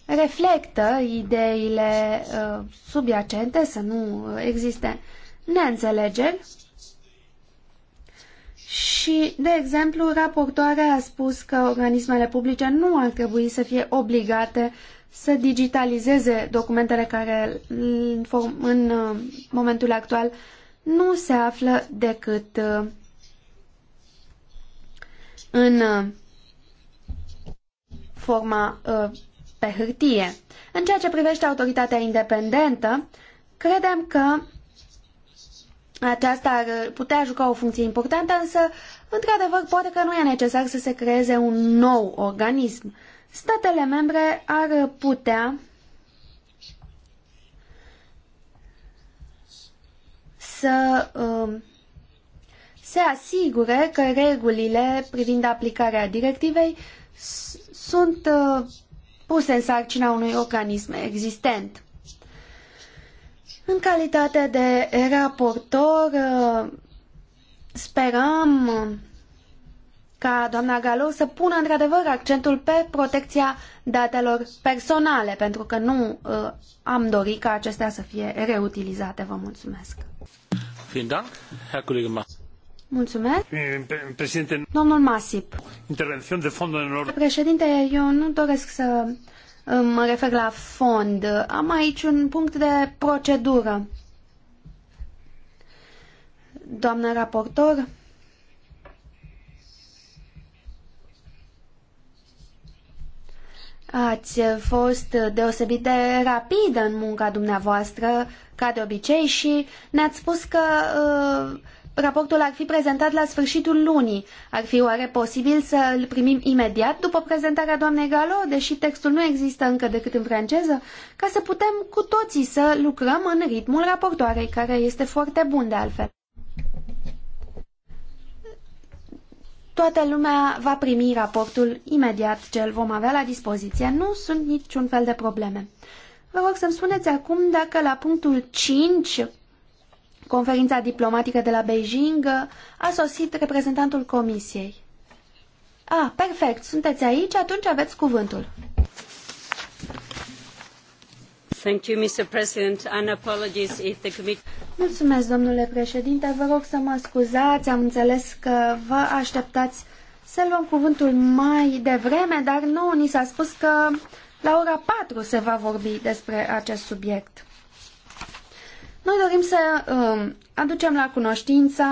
reflectă ideile uh, subiacente, să nu existe neînțelegeri. Și, de exemplu, raportoarea a spus că organismele publice nu ar trebui să fie obligate să digitalizeze documentele care în, în uh, momentul actual nu se află decât uh, în uh, forma uh, pe hârtie. În ceea ce privește autoritatea independentă, credem că aceasta ar putea juca o funcție importantă, însă, într-adevăr, poate că nu e necesar să se creeze un nou organism. Statele membre ar putea să um, se asigure că regulile privind aplicarea directivei sunt uh, puse în sarcina unui organism existent. În calitate de raportor, uh, sperăm uh, ca doamna Galo să pună într-adevăr accentul pe protecția datelor personale, pentru că nu am dorit ca acestea să fie reutilizate. Vă mulțumesc! Mulțumesc. Președinte... Intervențion de Președinte, eu nu doresc să uh, mă refer la fond. Am aici un punct de procedură. Doamnă raportor, Ați fost deosebit de rapidă în munca dumneavoastră, ca de obicei, și ne-ați spus că uh, raportul ar fi prezentat la sfârșitul lunii. Ar fi oare posibil să îl primim imediat după prezentarea doamnei Galo, deși textul nu există încă decât în franceză, ca să putem cu toții să lucrăm în ritmul raportoarei, care este foarte bun de altfel. Toată lumea va primi raportul imediat ce îl vom avea la dispoziție. Nu sunt niciun fel de probleme. Vă rog să-mi spuneți acum dacă la punctul 5, conferința diplomatică de la Beijing, a sosit reprezentantul Comisiei. A, ah, perfect, sunteți aici, atunci aveți cuvântul. Mulțumesc, domnule președinte. Vă rog să mă scuzați. Am înțeles că vă așteptați să luăm cuvântul mai devreme, dar nouă ni s-a spus că la ora 4 se va vorbi despre acest subiect. Noi dorim să um, aducem la cunoștința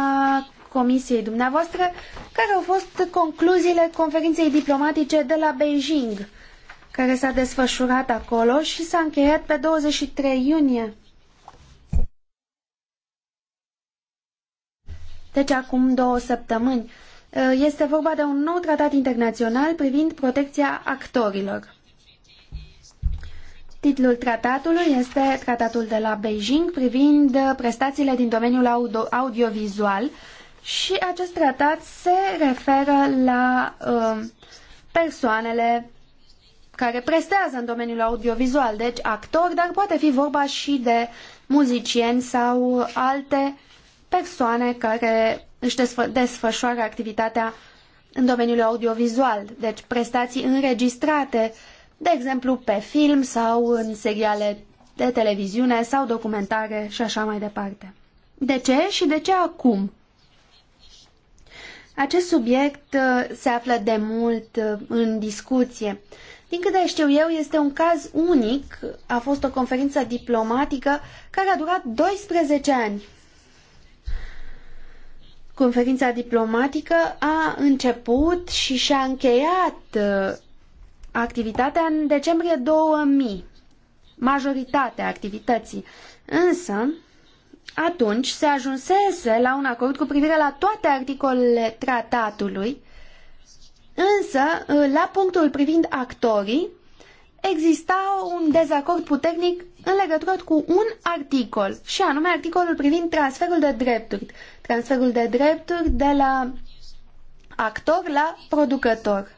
comisiei dumneavoastră care au fost concluziile conferinței diplomatice de la Beijing care s-a desfășurat acolo și s-a încheiat pe 23 iunie. Deci acum două săptămâni. Eh, este vorba de un nou tratat internațional privind protecția actorilor. Titlul tratatului este Tratatul de la Beijing privind prestațiile din domeniul audio audiovizual și acest tratat se referă la uh, persoanele care prestează în domeniul audiovizual, deci actori, dar poate fi vorba și de muzicieni sau alte persoane care își desfășoară activitatea în domeniul audiovizual, deci prestații înregistrate, de exemplu pe film sau în seriale de televiziune sau documentare și așa mai departe. De ce și de ce acum? Acest subiect uh, se află de mult uh, în discuție din câte știu eu, este un caz unic, a fost o conferință diplomatică care a durat 12 ani. Conferința diplomatică a început și și-a încheiat uh, activitatea în decembrie 2000, majoritatea activității. Însă, atunci se ajunsese la un acord cu privire la toate articolele tratatului Însă, ă, la punctul privind actorii, exista un dezacord puternic în legătură cu un articol, și anume articolul privind transferul de drepturi. Transferul de drepturi de la actor la producător.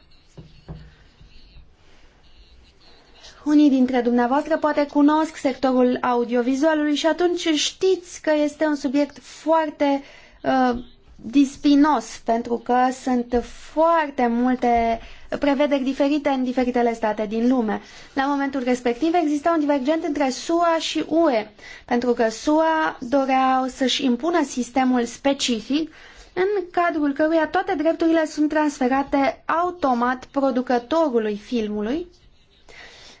Unii dintre dumneavoastră poate cunosc sectorul audiovizualului și atunci știți că este un subiect foarte uh, dispinos pentru că sunt foarte multe prevederi diferite în diferitele state din lume. La momentul respectiv exista un divergent între SUA și UE, pentru că SUA doreau să-și impună sistemul specific în cadrul căruia toate drepturile sunt transferate automat producătorului filmului,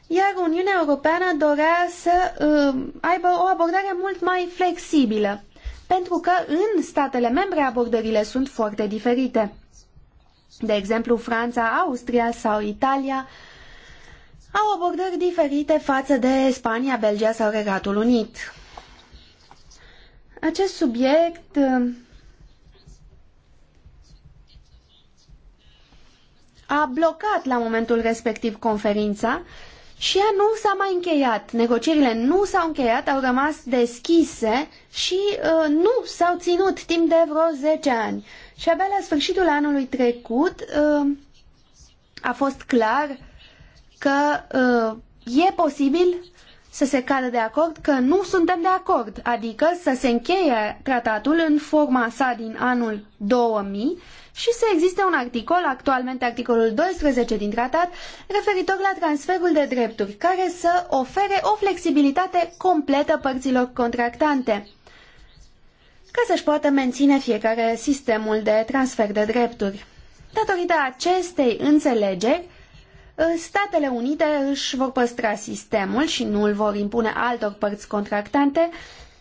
iar Uniunea Europeană dorea să uh, aibă o abordare mult mai flexibilă pentru că în statele membre abordările sunt foarte diferite. De exemplu, Franța, Austria sau Italia au abordări diferite față de Spania, Belgia sau Regatul Unit. Acest subiect a blocat la momentul respectiv conferința și ea nu s-a mai încheiat. Negocierile nu s-au încheiat, au rămas deschise și uh, nu s-au ținut timp de vreo 10 ani. Și abia la sfârșitul anului trecut uh, a fost clar că uh, e posibil să se cadă de acord că nu suntem de acord, adică să se încheie tratatul în forma sa din anul 2000 și să existe un articol, actualmente articolul 12 din tratat, referitor la transferul de drepturi, care să ofere o flexibilitate completă părților contractante ca să-și poată menține fiecare sistemul de transfer de drepturi. Datorită acestei înțelegeri, Statele Unite își vor păstra sistemul și nu îl vor impune altor părți contractante,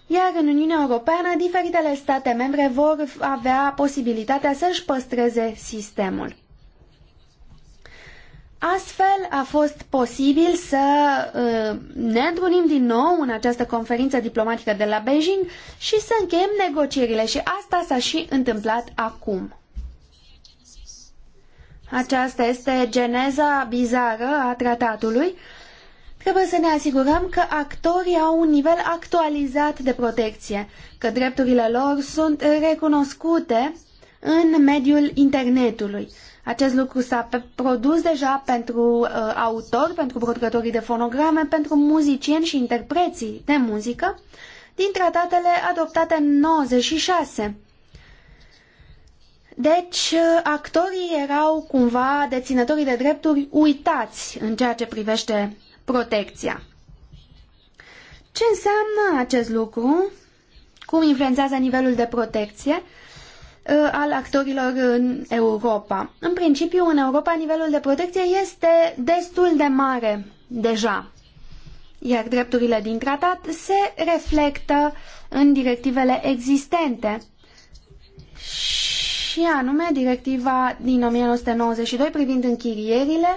iar în Uniunea Europeană diferitele state membre vor avea posibilitatea să-și păstreze sistemul. Astfel a fost posibil să uh, ne întrunim din nou în această conferință diplomatică de la Beijing și să încheiem negocierile și asta s-a și întâmplat acum. Aceasta este geneza bizară a tratatului Trebuie să ne asigurăm că actorii au un nivel actualizat de protecție, că drepturile lor sunt recunoscute în mediul internetului. Acest lucru s-a produs deja pentru uh, autori, pentru producătorii de fonograme, pentru muzicieni și interpreții de muzică din tratatele adoptate în 96. Deci, uh, actorii erau cumva deținătorii de drepturi uitați în ceea ce privește protecția. Ce înseamnă acest lucru? Cum influențează nivelul de protecție uh, al actorilor în Europa? În principiu, în Europa, nivelul de protecție este destul de mare deja, iar drepturile din tratat se reflectă în directivele existente și anume directiva din 1992 privind închirierile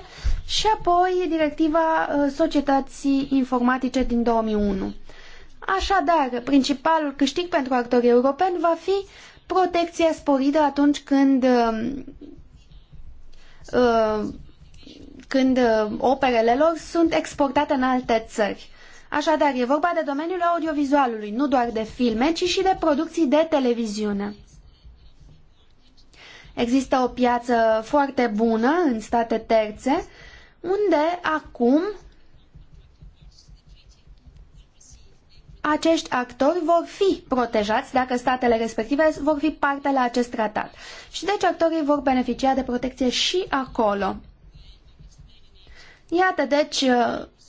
și apoi directiva uh, societății informatice din 2001. Așadar, principalul câștig pentru actorii europeni va fi protecția sporită atunci când um, uh, când uh, operele lor sunt exportate în alte țări. Așadar, e vorba de domeniul audiovizualului, nu doar de filme, ci și de producții de televiziune. Există o piață foarte bună în state terțe unde acum acești actori vor fi protejați dacă statele respective vor fi parte la acest tratat. Și deci actorii vor beneficia de protecție și acolo. Iată deci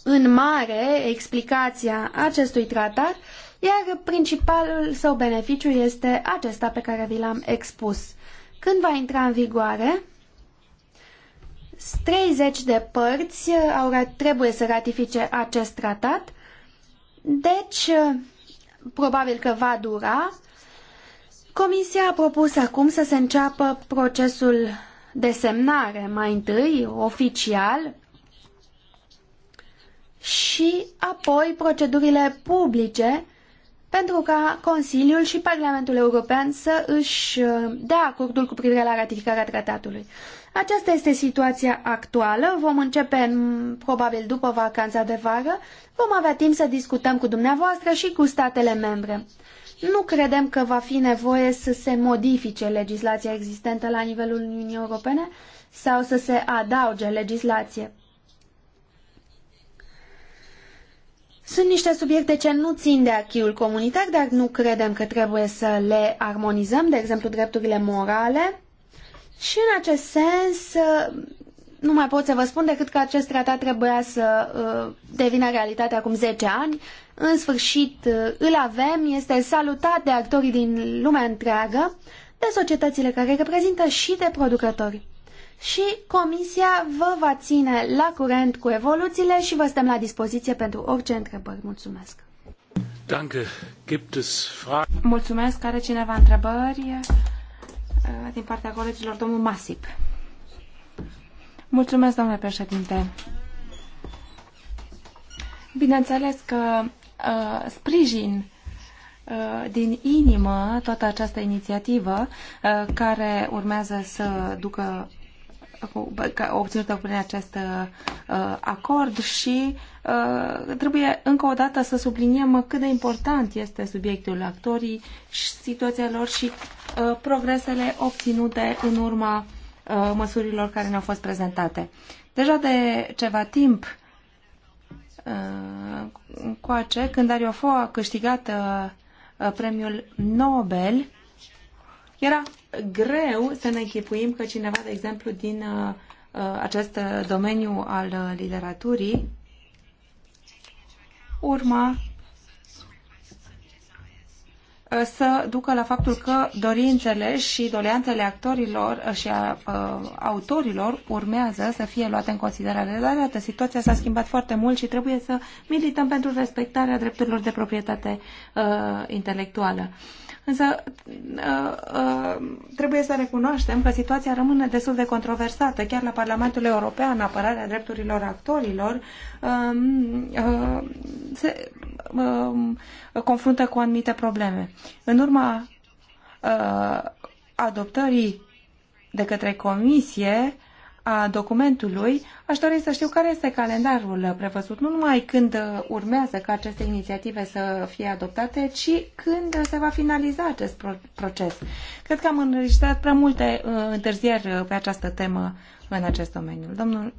în mare explicația acestui tratat, iar principalul său beneficiu este acesta pe care vi l-am expus. Când va intra în vigoare? 30 de părți au, trebuie să ratifice acest tratat, deci probabil că va dura. Comisia a propus acum să se înceapă procesul de semnare mai întâi, oficial, și apoi procedurile publice pentru ca Consiliul și Parlamentul European să își dea acordul cu privire la ratificarea tratatului. Aceasta este situația actuală. Vom începe probabil după vacanța de vară. Vom avea timp să discutăm cu dumneavoastră și cu statele membre. Nu credem că va fi nevoie să se modifice legislația existentă la nivelul Uniunii Europene sau să se adauge legislație. Sunt niște subiecte ce nu țin de achiul comunitar, dar nu credem că trebuie să le armonizăm, de exemplu drepturile morale și în acest sens, uh, nu mai pot să vă spun decât că acest tratat trebuia să uh, devină realitate acum 10 ani. În sfârșit, uh, îl avem, este salutat de actorii din lumea întreagă, de societățile care reprezintă și de producători. Și comisia vă va ține la curent cu evoluțiile și vă stăm la dispoziție pentru orice întrebări. Mulțumesc! Danke. Gibt es Mulțumesc. Are cineva întrebări? Uh, din partea colegilor, domnul Masip. Mulțumesc, domnule președinte. Bineînțeles că uh, sprijin uh, din inimă toată această inițiativă uh, care urmează să ducă obținută prin acest uh, acord și uh, trebuie încă o dată să subliniem cât de important este subiectul actorii și situația lor și uh, progresele obținute în urma măsurilor care ne-au fost prezentate. Deja de ceva timp cu ace, când Dario Fo a câștigat premiul Nobel, era greu să ne închipuim că cineva, de exemplu, din uh, uh, acest domeniu al uh, literaturii urma să ducă la faptul că dorințele și doleanțele actorilor și a a, autorilor urmează să fie luate în considerare. Dar iată, situația s-a schimbat foarte mult și trebuie să milităm pentru respectarea drepturilor de proprietate a, intelectuală însă uh, uh, trebuie să recunoaștem că situația rămâne destul de controversată. Chiar la Parlamentul European, apărarea drepturilor actorilor um, uh, se um, confruntă cu anumite probleme. În urma adoptării de către Comisie, a documentului, aș dori să știu care este calendarul prevăzut, nu numai când urmează ca aceste inițiative să fie adoptate, ci când se va finaliza acest proces. Cred că am înregistrat prea multe uh, întârzieri pe această temă în acest domeniu. Domnul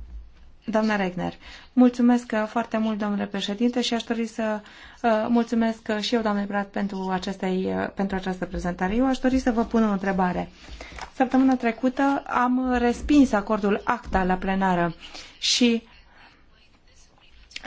Doamna Regner, mulțumesc foarte mult, domnule președinte, și aș dori să uh, mulțumesc și eu, doamne Brat, pentru, acestei, uh, pentru această prezentare. Eu aș dori să vă pun o întrebare. Săptămâna trecută am respins acordul ACTA la plenară și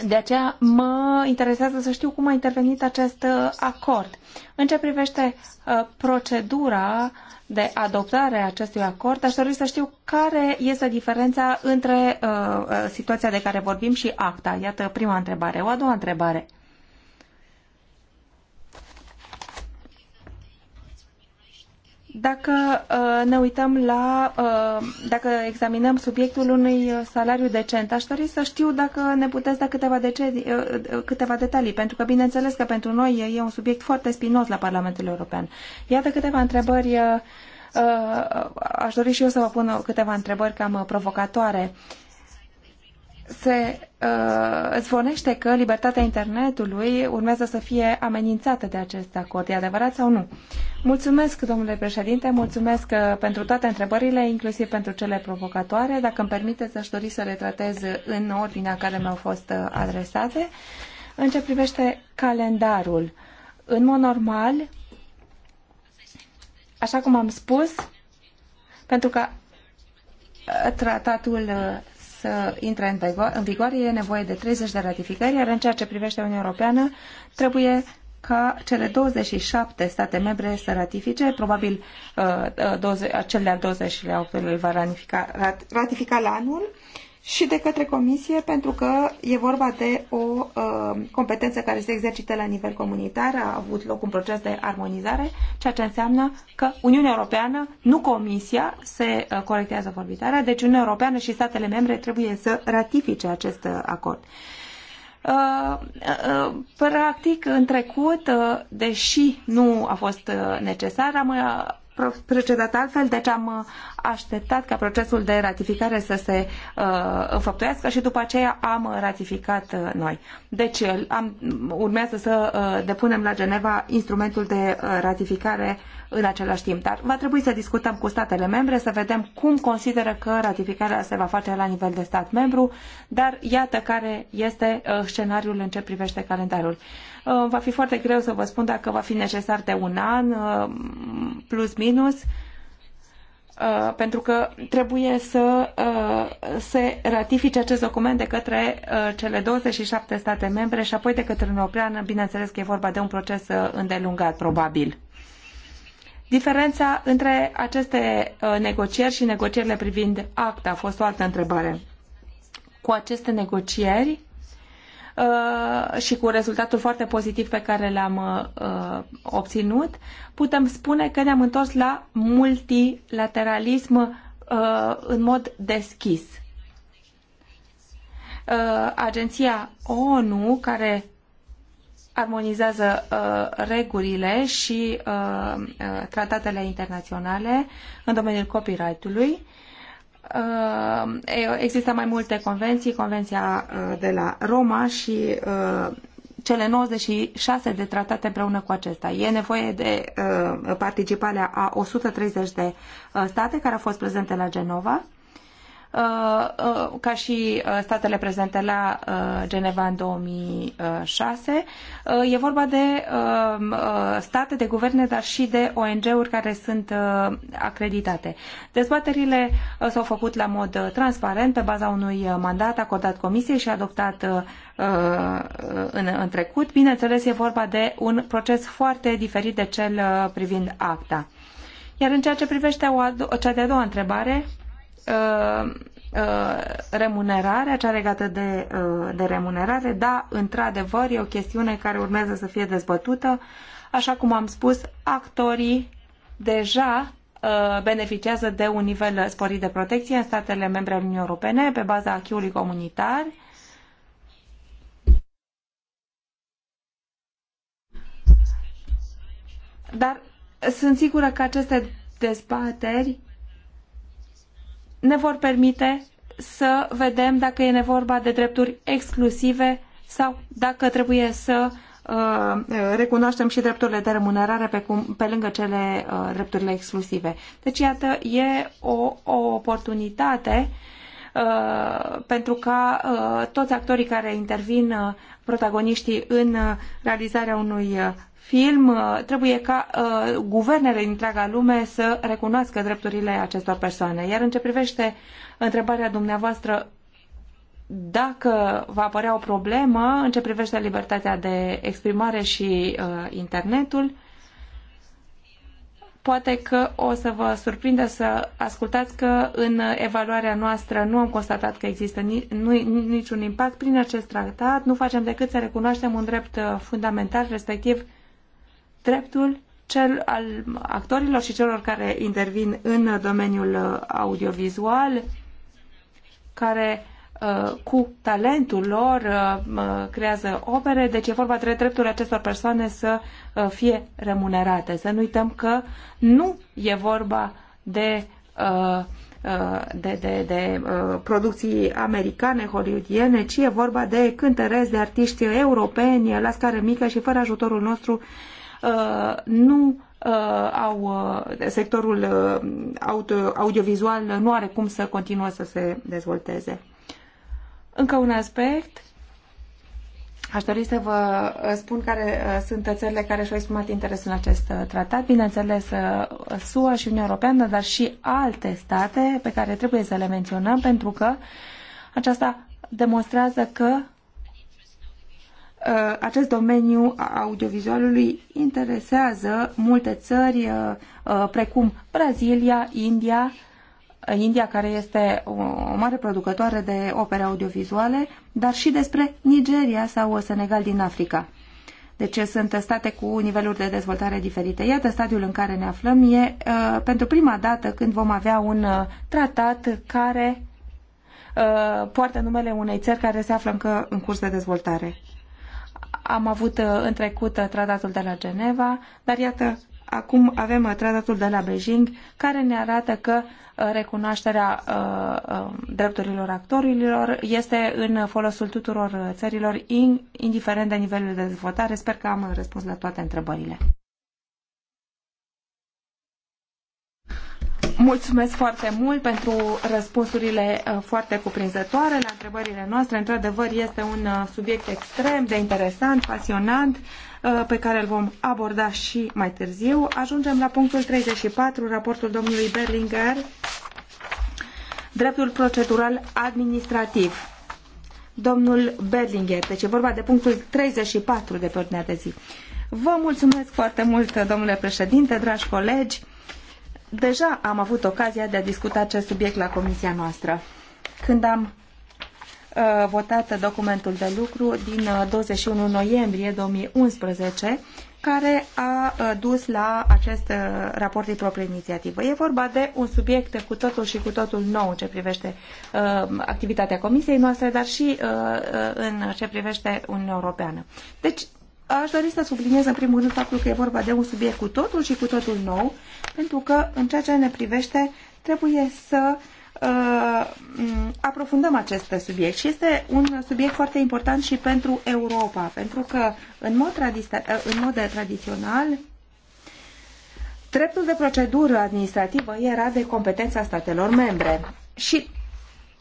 de aceea mă interesează să știu cum a intervenit acest uh, acord. În ce privește uh, procedura de adoptare a acestui acord, aș dori să știu care este diferența între uh, situația de care vorbim și acta. Iată prima întrebare. O a doua întrebare. Dacă uh, ne uităm la, uh, dacă examinăm subiectul unui uh, salariu decent, aș dori să știu dacă ne puteți da câteva, decedii, câteva detalii, pentru că bineînțeles că pentru noi e un subiect foarte spinos la Parlamentul European. Iată câteva întrebări, aș dori și eu să vă pun câteva întrebări cam provocatoare se uh, zvonește că libertatea internetului urmează să fie amenințată de acest acord. E adevărat sau nu? Mulțumesc, domnule președinte, mulțumesc uh, pentru toate întrebările, inclusiv pentru cele provocatoare. Dacă îmi permiteți, aș dori să le tratez în ordinea în care mi-au fost uh, adresate. În ce privește calendarul, în mod normal, așa cum am spus, pentru că uh, tratatul să intre în vigoare, în vigoare e nevoie de 30 de ratificări, iar în ceea ce privește Uniunea Europeană trebuie ca cele 27 state membre să ratifice, probabil uh, 20, uh, cel de-al 28-lea va ratifica, rat, ratifica la anul. Uh, și de către Comisie, pentru că e vorba de o uh, competență care se exercită la nivel comunitar, a avut loc un proces de armonizare, ceea ce înseamnă că Uniunea Europeană, nu Comisia, se uh, corectează vorbitarea, deci Uniunea Europeană și statele membre trebuie să ratifice acest uh, acord. Uh, uh, practic, în trecut, uh, deși nu a fost uh, necesar, am uh, precedat altfel, deci am uh, așteptat ca procesul de ratificare să se uh, înfăptuiască și după aceea am ratificat uh, noi. Deci uh, am, urmează să uh, depunem la Geneva instrumentul de uh, ratificare în același timp, dar va trebui să discutăm cu statele membre, să vedem cum consideră că ratificarea se va face la nivel de stat membru, dar iată care este uh, scenariul în ce privește calendarul. Uh, va fi foarte greu să vă spun dacă va fi necesar de un an, uh, plus minus, uh, pentru că trebuie să se ratifice acest document de către cele 27 state membre și apoi de către Uniunea Europeană. Bineînțeles că e vorba de un proces îndelungat, probabil. Diferența între aceste negocieri și negocierile privind acta a fost o altă întrebare. Cu aceste negocieri Uh, și cu rezultatul foarte pozitiv pe care l-am uh, obținut, putem spune că ne-am întors la multilateralism uh, în mod deschis. Agenția ONU, care armonizează uh, regulile și uh, tratatele internaționale în domeniul copyright-ului Uh, există mai multe convenții, Convenția uh, de la Roma și uh, cele 96 de tratate împreună cu acesta. E nevoie de participarea a 130 de state care au fost prezente la Genova Uh, uh, ca și uh, statele prezente la Geneva în 2006. E vorba de state, de guverne, dar și de ONG-uri care sunt acreditate. Dezbaterile s-au făcut la mod transparent, pe baza unui mandat acordat Comisiei și adoptat în, în trecut. Bineînțeles, e vorba de un proces foarte diferit de cel privind acta. Iar în ceea ce privește cea de-a doua întrebare, Uh, uh, remunerarea, cea legată de, uh, de remunerare, da, într-adevăr, e o chestiune care urmează să fie dezbătută. Așa cum am spus, actorii deja uh, beneficiază de un nivel sporit de protecție în statele membre ale Uniunii Europene pe baza acquis comunitar. Dar sunt sigură că aceste dezbateri ne vor permite să vedem dacă e vorba de drepturi exclusive sau dacă trebuie să uh, recunoaștem și drepturile de remunerare pe, cum, pe lângă cele uh, drepturile exclusive. Deci, iată, e o, o oportunitate uh, pentru ca toți actorii care intervin, protagoniștii în realizarea unui film, uh, trebuie ca uh, guvernele din întreaga lume să recunoască drepturile acestor persoane. Iar în ce privește întrebarea dumneavoastră dacă va apărea o problemă în ce privește libertatea de exprimare și uh, internetul, poate că o să vă surprindă să ascultați că în evaluarea noastră nu am constatat că există ni, nu, niciun impact prin acest tratat, nu facem decât să recunoaștem un drept uh, fundamental, respectiv dreptul cel al actorilor și celor care intervin în domeniul uh, audiovizual, care uh, cu talentul lor uh, creează opere, deci e vorba de dreptul acestor persoane să fie remunerate. Să nu uităm că nu e vorba de de, de, de producții americane, hollywoodiene, ci e vorba de cântăreți, de artiști europeni la scară mică și fără ajutorul nostru Uh, nu uh, au uh, sectorul audiovizual nu are cum să continue să se dezvolteze. Încă un aspect. Aș dori să vă spun care sunt țările care și-au exprimat interes în acest tratat. Bineînțeles, SUA și Uniunea Europeană, dar și alte state pe care trebuie să le menționăm, pentru că aceasta demonstrează că Uh, acest domeniu audiovizualului interesează multe țări, uh, uh, precum Brazilia, India, India care este o mare producătoare de opere audiovizuale, dar și despre Nigeria sau Senegal din Africa. Deci sunt state cu niveluri de dezvoltare diferite. Iată stadiul în care ne aflăm. E uh, pentru prima dată când vom avea un uh, tratat care uh, poartă numele unei țări care se află încă în curs de dezvoltare. Am avut uh, în trecut uh, tratatul de la Geneva, dar iată, acum avem uh, tratatul de la Beijing care ne arată că recunoașterea drepturilor actorilor este în folosul tuturor țărilor, indiferent de nivelul de dezvoltare. Sper că am răspuns la toate întrebările. Mulțumesc foarte mult pentru răspunsurile uh, foarte cuprinzătoare la întrebările noastre. Într-adevăr, este un uh, subiect extrem de interesant, pasionant, uh, pe care îl vom aborda și mai târziu. Ajungem la punctul 34, raportul domnului Berlinger, dreptul procedural administrativ. Domnul Berlinger, deci e vorba de punctul 34 de pe ordinea de zi. Vă mulțumesc foarte mult, domnule președinte, dragi colegi. Deja am avut ocazia de a discuta acest subiect la comisia noastră. Când am uh, votat documentul de lucru din 21 uh, noiembrie 2011, care a uh, dus la acest uh, raport din proprie inițiativă. E vorba de un subiect cu totul și cu totul nou în ce privește uh, activitatea Comisiei noastre, dar și uh, în ce privește Uniunea Europeană. Deci Aș dori să subliniez în primul rând faptul că e vorba de un subiect cu totul și cu totul nou, pentru că în ceea ce ne privește trebuie să uh, aprofundăm acest subiect și este un subiect foarte important și pentru Europa, pentru că în mod, tradi uh, în mod tradițional dreptul de procedură administrativă era de competența statelor membre. Și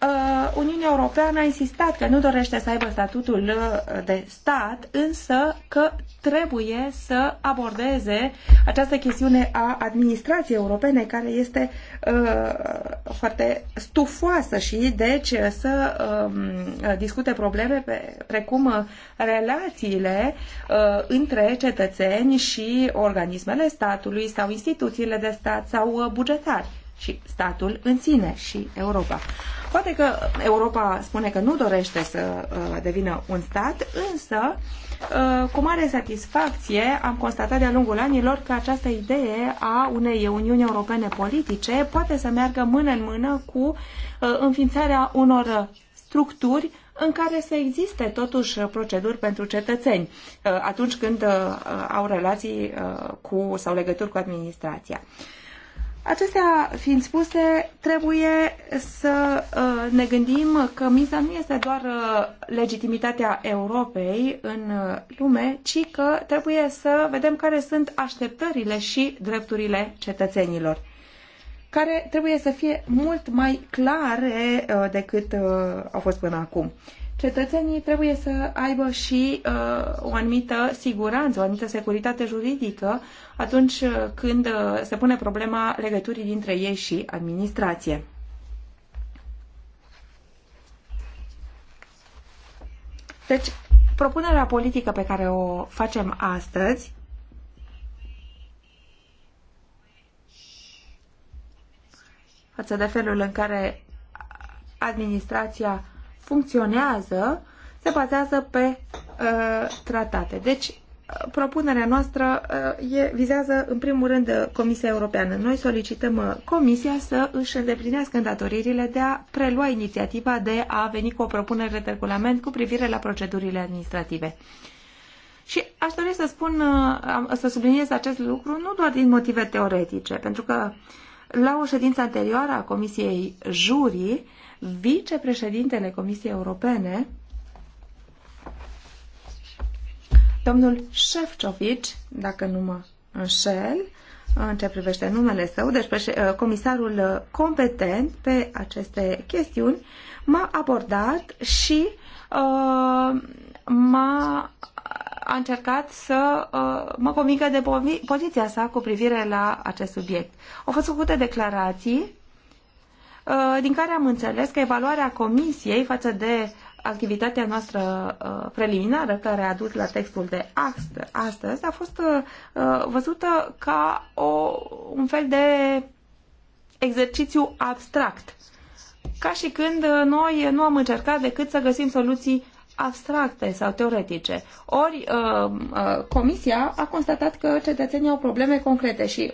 Uh, Uniunea Europeană a insistat că nu dorește să aibă statutul uh, de stat, însă că trebuie să abordeze această chestiune a administrației europene, care este uh, foarte stufoasă și, deci, să uh, discute probleme pe, precum uh, relațiile uh, între cetățeni și organismele statului sau instituțiile de stat sau bugetari și statul în sine și Europa. Poate că Europa spune că nu dorește să uh, devină un stat, însă uh, cu mare satisfacție am constatat de-a lungul anilor că această idee a unei Uniuni Europene politice poate să meargă mână în mână cu uh, înființarea unor structuri în care să existe totuși proceduri pentru cetățeni atunci când au relații cu sau legături cu administrația. Acestea fiind spuse, trebuie să uh, ne gândim că miza nu este doar uh, legitimitatea Europei în uh, lume, ci că trebuie să vedem care sunt așteptările și drepturile cetățenilor, care trebuie să fie mult mai clare decât au fost până acum cetățenii trebuie să aibă și uh, o anumită siguranță, o anumită securitate juridică atunci uh, când uh, se pune problema legăturii dintre ei și administrație. Deci, propunerea politică pe care o facem astăzi față de felul în care administrația funcționează se bazează pe uh, tratate. Deci, uh, propunerea noastră uh, e, vizează, în primul rând, Comisia Europeană. Noi solicităm uh, Comisia să își îndeplinească îndatoririle de a prelua inițiativa de a veni cu o propunere de regulament cu privire la procedurile administrative. Și aș dori să spun, uh, să subliniez acest lucru nu doar din motive teoretice, pentru că la o ședință anterioară a Comisiei Jurii, vicepreședintele Comisiei Europene, domnul Șefcovici, dacă nu mă înșel, în ce privește numele său, deci ă, comisarul competent pe aceste chestiuni, m-a abordat și uh, m-a a încercat să uh, mă convingă de poziția sa cu privire la acest subiect. Au fost făcute declarații Uh, din care am înțeles că evaluarea comisiei față de activitatea noastră uh, preliminară care a dus la textul de astăzi a fost uh, văzută ca o, un fel de exercițiu abstract. Ca și când noi nu am încercat decât să găsim soluții abstracte sau teoretice. Ori uh, uh, comisia a constatat că cetățenii au probleme concrete și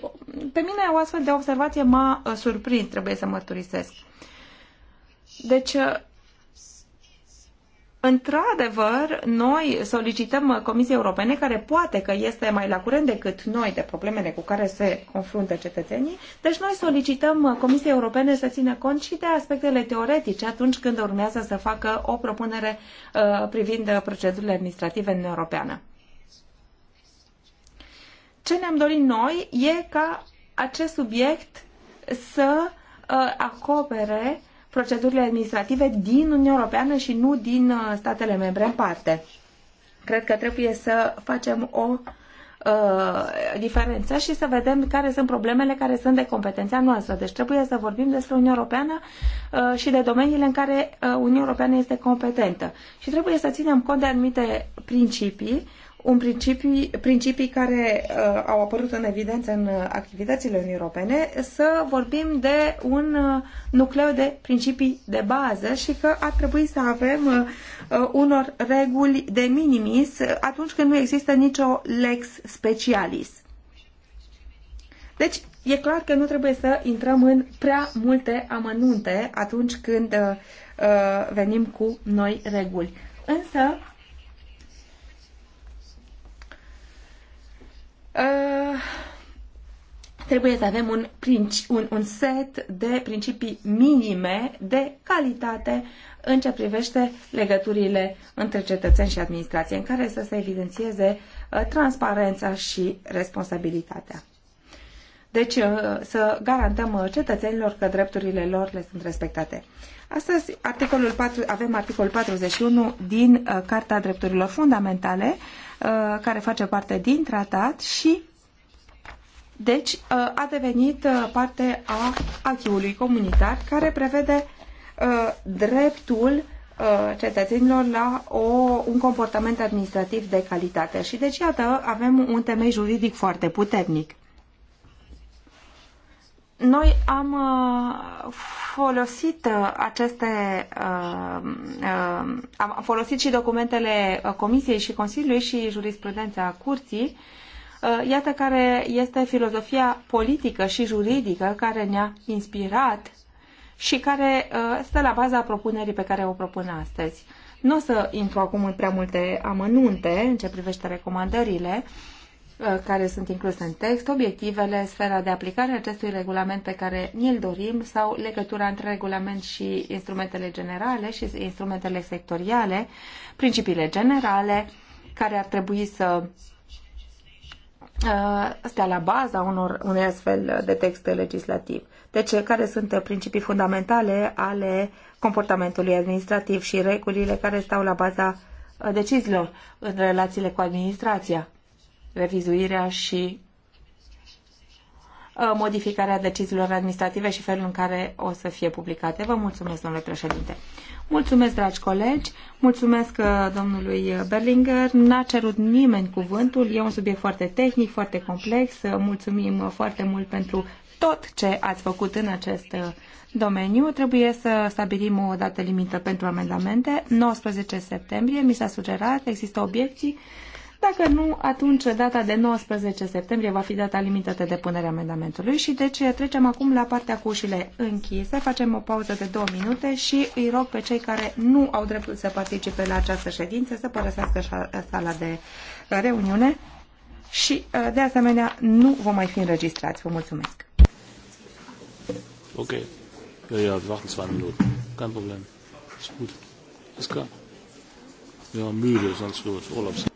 pe mine o astfel de observație m-a uh, surprins, trebuie să mărturisesc. Deci, uh, Într-adevăr, noi solicităm uh, Comisiei Europene, care poate că este mai la curent decât noi de problemele cu care se confruntă cetățenii, deci noi solicităm uh, Comisiei Europene să țină cont și de aspectele teoretice atunci când urmează să facă o propunere uh, privind uh, procedurile administrative în Europeană. Ce ne-am dorit noi e ca acest subiect să uh, acopere procedurile administrative din Uniunea Europeană și nu din uh, statele membre în parte. Cred că trebuie să facem o uh, diferență și să vedem care sunt problemele care sunt de competența noastră. Deci trebuie să vorbim despre Uniunea Europeană uh, și de domeniile în care Uniunea Europeană este competentă. Și trebuie să ținem cont de anumite principii un principii, principii care uh, au apărut în evidență în uh, activitățile Uniunii Europene, să vorbim de un uh, nucleu de principii de bază și că ar trebui să avem uh, uh, unor reguli de minimis atunci când nu există nicio lex specialis. Deci, e clar că nu trebuie să intrăm în prea multe amănunte atunci când uh, uh venim cu noi reguli. Însă, Eh, trebuie să avem un, un, un set de principii minime de calitate în ce privește legăturile între cetățeni și administrație, în care să se evidențieze eh, transparența și responsabilitatea. Deci eh, să garantăm cetățenilor că drepturile lor le sunt respectate. Astăzi articolul 4, avem articolul 41 din Carta Drepturilor Fundamentale, Uh, care face parte din tratat și deci uh, a devenit uh, parte a acquis comunitar care prevede dreptul cetățenilor la o, un comportament administrativ de calitate. Și deci, iată, avem un temei juridic foarte puternic noi am uh, folosit uh, aceste uh, am folosit și documentele Comisiei și Consiliului și jurisprudența Curții iată care este filozofia politică și juridică care ne-a inspirat și care stă la baza propunerii pe care o propun astăzi. Nu o să intru acum în prea multe amănunte în ce privește recomandările, uh, Uh, care sunt incluse în text, obiectivele, sfera de aplicare a acestui regulament pe care ni-l dorim sau legătura între regulament și instrumentele generale și instrumentele sectoriale, principiile generale care ar trebui să uh, stea la baza unor, unei astfel de texte legislativ. Deci, care sunt principii fundamentale ale comportamentului administrativ și regulile care stau la baza uh, deciziilor în relațiile cu administrația? revizuirea și uh, modificarea deciziilor administrative și felul în care o să fie publicate. Vă mulțumesc, domnule președinte. Mulțumesc, dragi colegi, mulțumesc uh, domnului Berlinger. N-a cerut nimeni cuvântul, e un subiect foarte tehnic, foarte complex. Uh, mulțumim foarte mult pentru tot ce ați făcut în acest domeniu. Trebuie să stabilim o dată limită pentru amendamente. 19 septembrie, mi s-a sugerat, există obiecții. Dacă nu, atunci data de 19 septembrie va fi data limitată de punere amendamentului și deci trecem acum la partea cu ușile închise, facem o pauză de două minute și îi rog pe cei care nu au dreptul să participe la această ședință să părăsească sala de reuniune și uh, de asemenea nu vom mai fi înregistrați. Vă mulțumesc! Ok. Ja, ja, wir warten zwei Minuten. Kein Problem. Ist gut. Ist klar. Ja, müde, sonst los. Urlaubs.